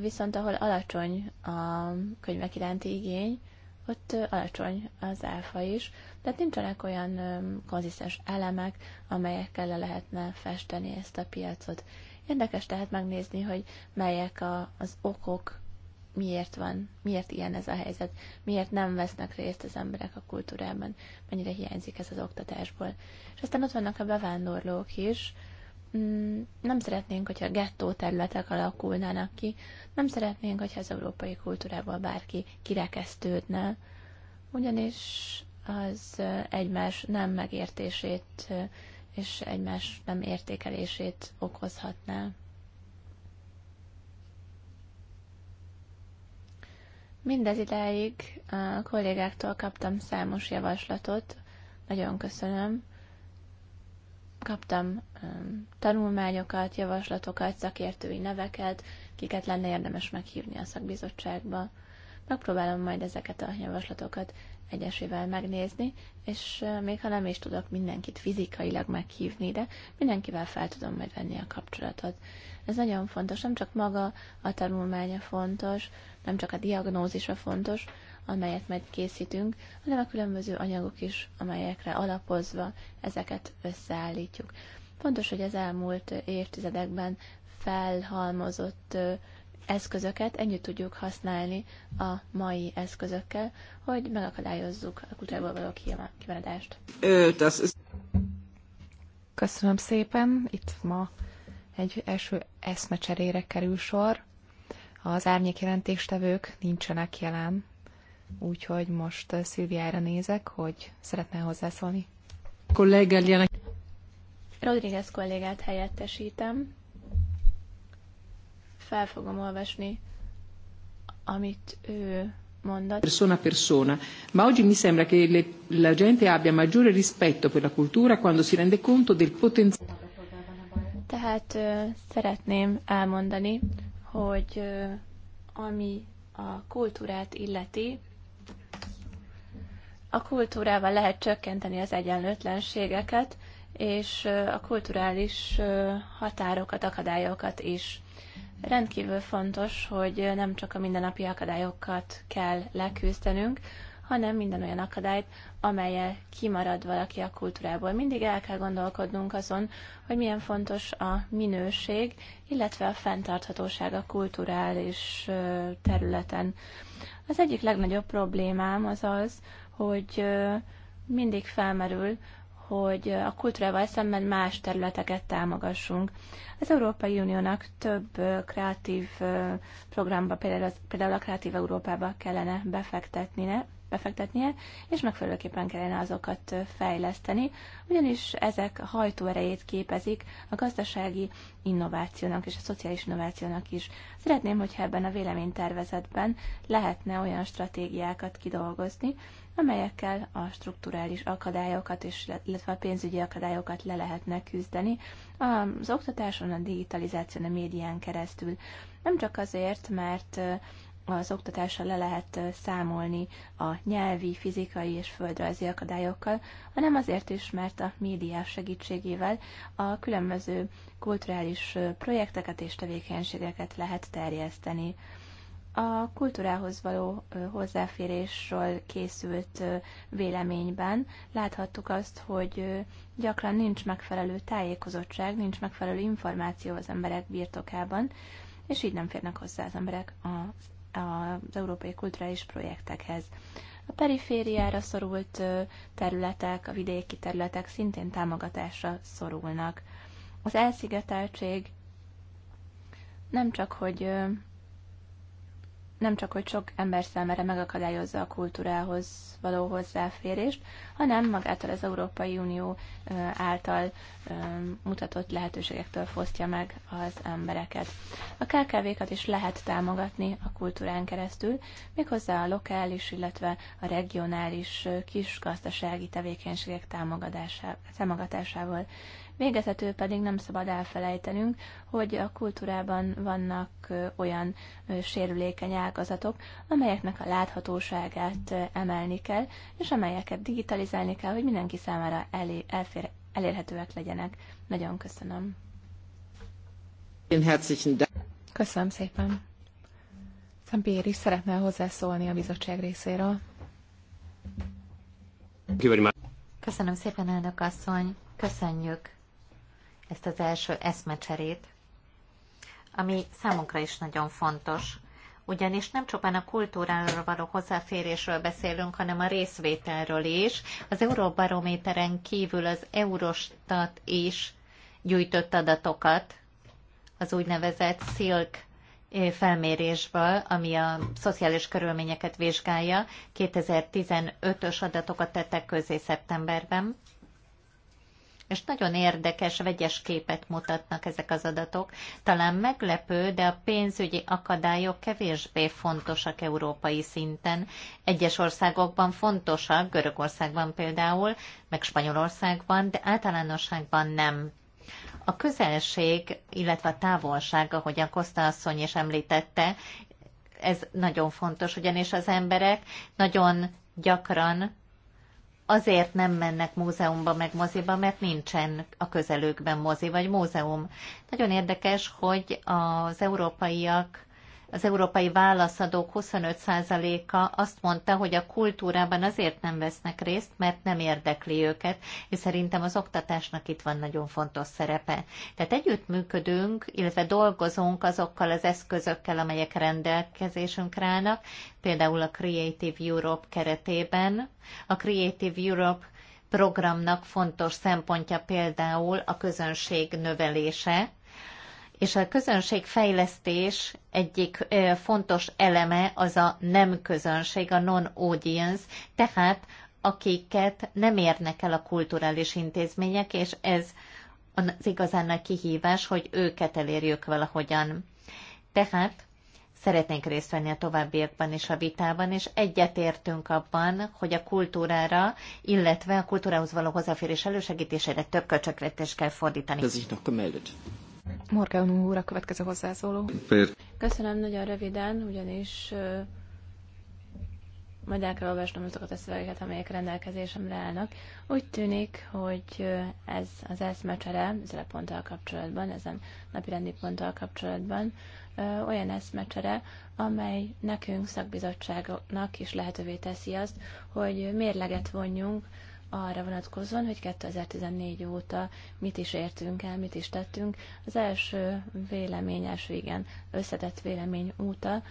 viszont ahol alacsony a könyvek iránti igény, ott alacsony az áfa is, tehát nincsenek olyan konzisztens elemek, amelyekkel le lehetne festeni ezt a piacot. Érdekes tehát megnézni, hogy melyek a, az okok miért van, miért ilyen ez a helyzet, miért nem vesznek részt az emberek a kultúrában, mennyire hiányzik ez az oktatásból. És aztán ott vannak a bevándorlók is, mm, nem szeretnénk, hogyha gettó területek alakulnának ki, nem szeretnénk, hogyha az európai kultúrából bárki kirekesztődne, ugyanis az eh, egymás nem megértését eh, és egymás nem értékelését okozhatná. Mindez ideig a kollégáktól kaptam számos javaslatot, nagyon köszönöm. Kaptam um, tanulmányokat, javaslatokat, szakértői neveket, kiket lenne érdemes meghívni a szakbizottságba. Megpróbálom majd ezeket a javaslatokat egyesével megnézni, és uh, még ha nem is tudok mindenkit fizikailag meghívni, de mindenkivel fel tudom majd venni a kapcsolatot. Ez nagyon fontos, nem csak maga a tanulmánya fontos, nem csak a diagnózisa fontos, amelyet majd készítünk, hanem a különböző anyagok is, amelyekre alapozva ezeket összeállítjuk. Fontos, hogy az elmúlt évtizedekben felhalmozott eszközöket együtt tudjuk használni a mai eszközökkel, hogy megakadályozzuk a kutyából való kimaradást. Köszönöm szépen, itt ma egy első eszmecserére kerül sor. Az árnyék jelentéstevők nincsenek jelen, úgyhogy most eh, Szilviára nézek, hogy szeretne hozzászólni. Kollégáljanak. Rodriguez kollégát helyettesítem. Fel fogom olvasni, amit ő mondott. Persona persona, ma oggi mi sembra che le, la gente abbia maggiore rispetto per la cultura quando si rende conto del potenziale. Tehát ö, eh, szeretném elmondani, hogy ami a kultúrát illeti, a kultúrával lehet csökkenteni az egyenlőtlenségeket, és a kulturális határokat, akadályokat is. Rendkívül fontos, hogy nem csak a mindennapi akadályokat kell leküzdenünk, hanem minden olyan akadályt, amelyel kimarad valaki a kultúrából. Mindig el kell gondolkodnunk azon, hogy milyen fontos a minőség, illetve a fenntarthatóság a kulturális területen. Az egyik legnagyobb problémám az az, hogy mindig felmerül, hogy a kultúrával szemben más területeket támogassunk. Az Európai Uniónak több kreatív programba, például, például a Kreatív Európába kellene befektetnie, befektetnie, és megfelelőképpen kellene azokat fejleszteni, ugyanis ezek hajtóerejét képezik a gazdasági innovációnak és a szociális innovációnak is. Szeretném, hogyha ebben a véleménytervezetben lehetne olyan stratégiákat kidolgozni, amelyekkel a strukturális akadályokat, és, illetve a pénzügyi akadályokat le lehetne küzdeni az oktatáson, a digitalizáción, a médián keresztül. Nem csak azért, mert az oktatással le lehet számolni a nyelvi, fizikai és földrajzi akadályokkal, hanem azért is, mert a médiás segítségével a különböző kulturális projekteket és tevékenységeket lehet terjeszteni. A kultúrához való hozzáférésről készült véleményben láthattuk azt, hogy gyakran nincs megfelelő tájékozottság, nincs megfelelő információ az emberek birtokában, és így nem férnek hozzá az emberek az az európai kulturális projektekhez. A perifériára szorult területek, a vidéki területek szintén támogatásra szorulnak. Az elszigeteltség nem csak, hogy nem csak, hogy sok ember számára megakadályozza a kultúrához való hozzáférést, hanem magától az Európai Unió által mutatott lehetőségektől fosztja meg az embereket. A KKV-kat is lehet támogatni a kultúrán keresztül, méghozzá a lokális, illetve a regionális kis gazdasági tevékenységek támogatásával. Végezetül pedig nem szabad elfelejtenünk, hogy a kultúrában vannak olyan sérülékeny ágazatok, amelyeknek a láthatóságát emelni kell, és amelyeket digitalizálni kell, hogy mindenki számára elfér, elérhetőek legyenek. Nagyon köszönöm. Köszönöm szépen. is szeretne hozzászólni a bizottság részéről. Köszönöm szépen, elnök asszony. Köszönjük ezt az első eszmecserét, ami számunkra is nagyon fontos, ugyanis nem csupán a kultúráról való hozzáférésről beszélünk, hanem a részvételről is. Az Euróbarométeren kívül az Eurostat is gyűjtött adatokat az úgynevezett SILK eh, felmérésből, ami a szociális körülményeket vizsgálja. 2015-ös adatokat tettek közé szeptemberben és nagyon érdekes, vegyes képet mutatnak ezek az adatok. Talán meglepő, de a pénzügyi akadályok kevésbé fontosak európai szinten. Egyes országokban fontosak, Görögországban például, meg Spanyolországban, de általánosságban nem. A közelség, illetve a távolság, a Koszta asszony is említette, ez nagyon fontos, ugyanis az emberek nagyon gyakran azért nem mennek múzeumba meg moziba, mert nincsen a közelükben mozi vagy múzeum. Nagyon érdekes, hogy az európaiak az európai válaszadók 25%-a azt mondta, hogy a kultúrában azért nem vesznek részt, mert nem érdekli őket, és szerintem az oktatásnak itt van nagyon fontos szerepe. Tehát együttműködünk, illetve dolgozunk azokkal az eszközökkel, amelyek rendelkezésünkre állnak, például a Creative Europe keretében. A Creative Europe programnak fontos szempontja például a közönség növelése, és a közönségfejlesztés egyik fontos eleme az a nem közönség, a non-audience, tehát akiket nem érnek el a kulturális intézmények, és ez az igazán nagy kihívás, hogy őket elérjük valahogyan. Tehát szeretnénk részt venni a továbbiakban is a vitában, és egyetértünk abban, hogy a kultúrára, illetve a kultúrához való hozzáférés elősegítésére több költségvetést kell fordítani. Ez Morgan úr a következő hozzászóló. Köszönöm nagyon röviden, ugyanis majd el kell olvasnom azokat a szövegeket, amelyek rendelkezésemre állnak. Úgy tűnik, hogy ez az eszmecsere, ezzel a ponttal kapcsolatban, ezen napirendi ponttal kapcsolatban, olyan eszmecsere, amely nekünk szakbizottságoknak is lehetővé teszi azt, hogy mérleget vonjunk arra vonatkozóan, hogy 2014 óta mit is értünk el, mit is tettünk. Az első véleményes, igen, összetett vélemény óta,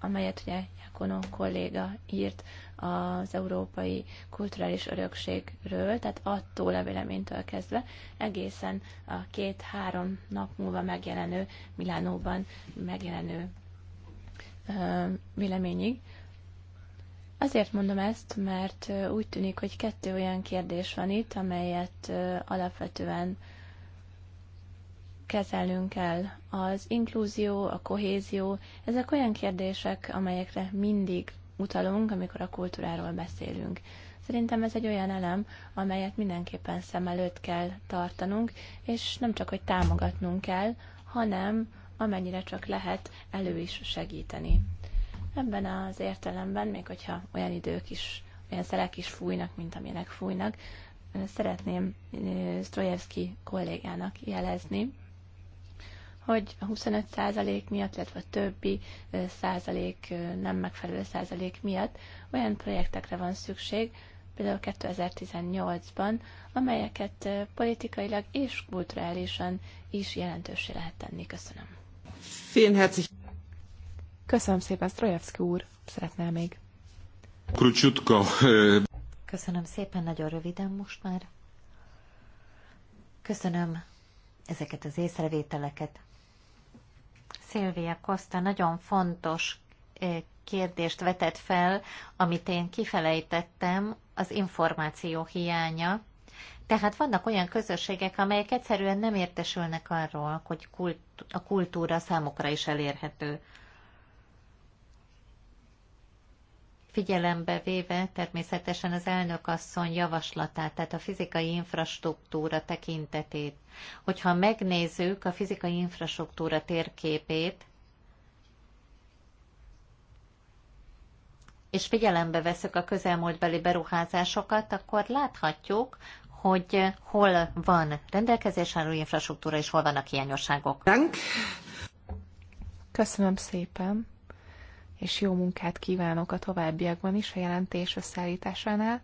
amelyet ugye Jakono kolléga írt az Európai Kulturális Örökségről, tehát attól a véleménytől kezdve egészen a két-három nap múlva megjelenő, Milánóban megjelenő véleményig, Azért mondom ezt, mert úgy tűnik, hogy kettő olyan kérdés van itt, amelyet alapvetően kezelnünk kell. Az inkluzió, a kohézió, ezek olyan kérdések, amelyekre mindig utalunk, amikor a kultúráról beszélünk. Szerintem ez egy olyan elem, amelyet mindenképpen szem előtt kell tartanunk, és nem csak, hogy támogatnunk kell, hanem amennyire csak lehet, elő is segíteni. Ebben az értelemben, még hogyha olyan idők is, olyan szelek is fújnak, mint amilyenek fújnak, szeretném Strojevski kollégának jelezni, hogy a 25 százalék miatt, illetve a többi százalék, nem megfelelő százalék miatt olyan projektekre van szükség, például 2018-ban, amelyeket politikailag és kulturálisan is jelentősé lehet tenni. Köszönöm. Köszönöm szépen, Strojevski úr, szeretnél még? Krucsutka. Köszönöm szépen, nagyon röviden most már. Köszönöm ezeket az észrevételeket. Szilvia Costa nagyon fontos kérdést vetett fel, amit én kifelejtettem, az információ hiánya. Tehát vannak olyan közösségek, amelyek egyszerűen nem értesülnek arról, hogy a kultúra számukra is elérhető. figyelembe véve természetesen az elnök asszony javaslatát, tehát a fizikai infrastruktúra tekintetét. Hogyha megnézzük a fizikai infrastruktúra térképét, és figyelembe veszük a közelmúltbeli beruházásokat, akkor láthatjuk, hogy hol van rendelkezésre álló infrastruktúra, és hol vannak hiányosságok. Köszönöm szépen és jó munkát kívánok a továbbiakban is a jelentés összeállításánál.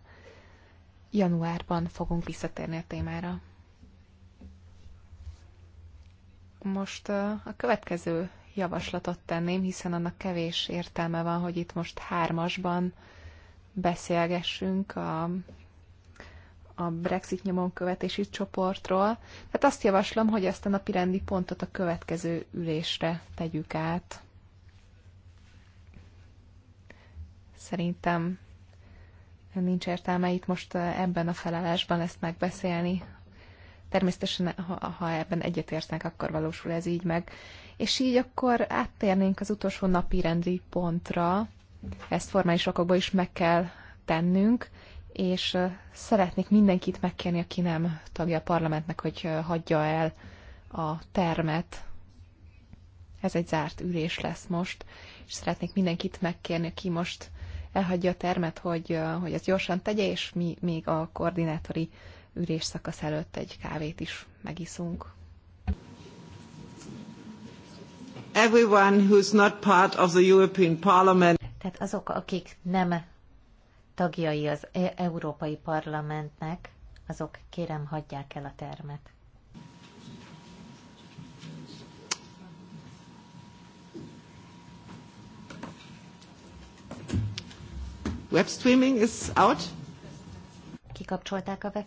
Januárban fogunk visszatérni a témára. Most a következő javaslatot tenném, hiszen annak kevés értelme van, hogy itt most hármasban beszélgessünk a, a Brexit nyomon követési csoportról. Tehát azt javaslom, hogy ezt a napirendi pontot a következő ülésre tegyük át. Szerintem nincs értelme itt most eh, ebben a felállásban ezt megbeszélni. Természetesen, ha, ha ebben egyetértnek, akkor valósul ez így meg. És így akkor áttérnénk az utolsó napi rendi pontra. Ezt formális okokból is meg kell tennünk, és eh, szeretnék mindenkit megkérni, aki nem tagja a parlamentnek, hogy eh, hagyja el a termet. Ez egy zárt ülés lesz most, és szeretnék mindenkit megkérni, aki most elhagyja a termet, hogy, hogy ezt gyorsan tegye, és mi még a koordinátori ürés szakasz előtt egy kávét is megiszunk. Everyone who's not part of the European Parliament. Tehát azok, akik nem tagjai az e-, Európai Parlamentnek, azok kérem hagyják el a termet. Web streaming is out. Kikapcsolták a web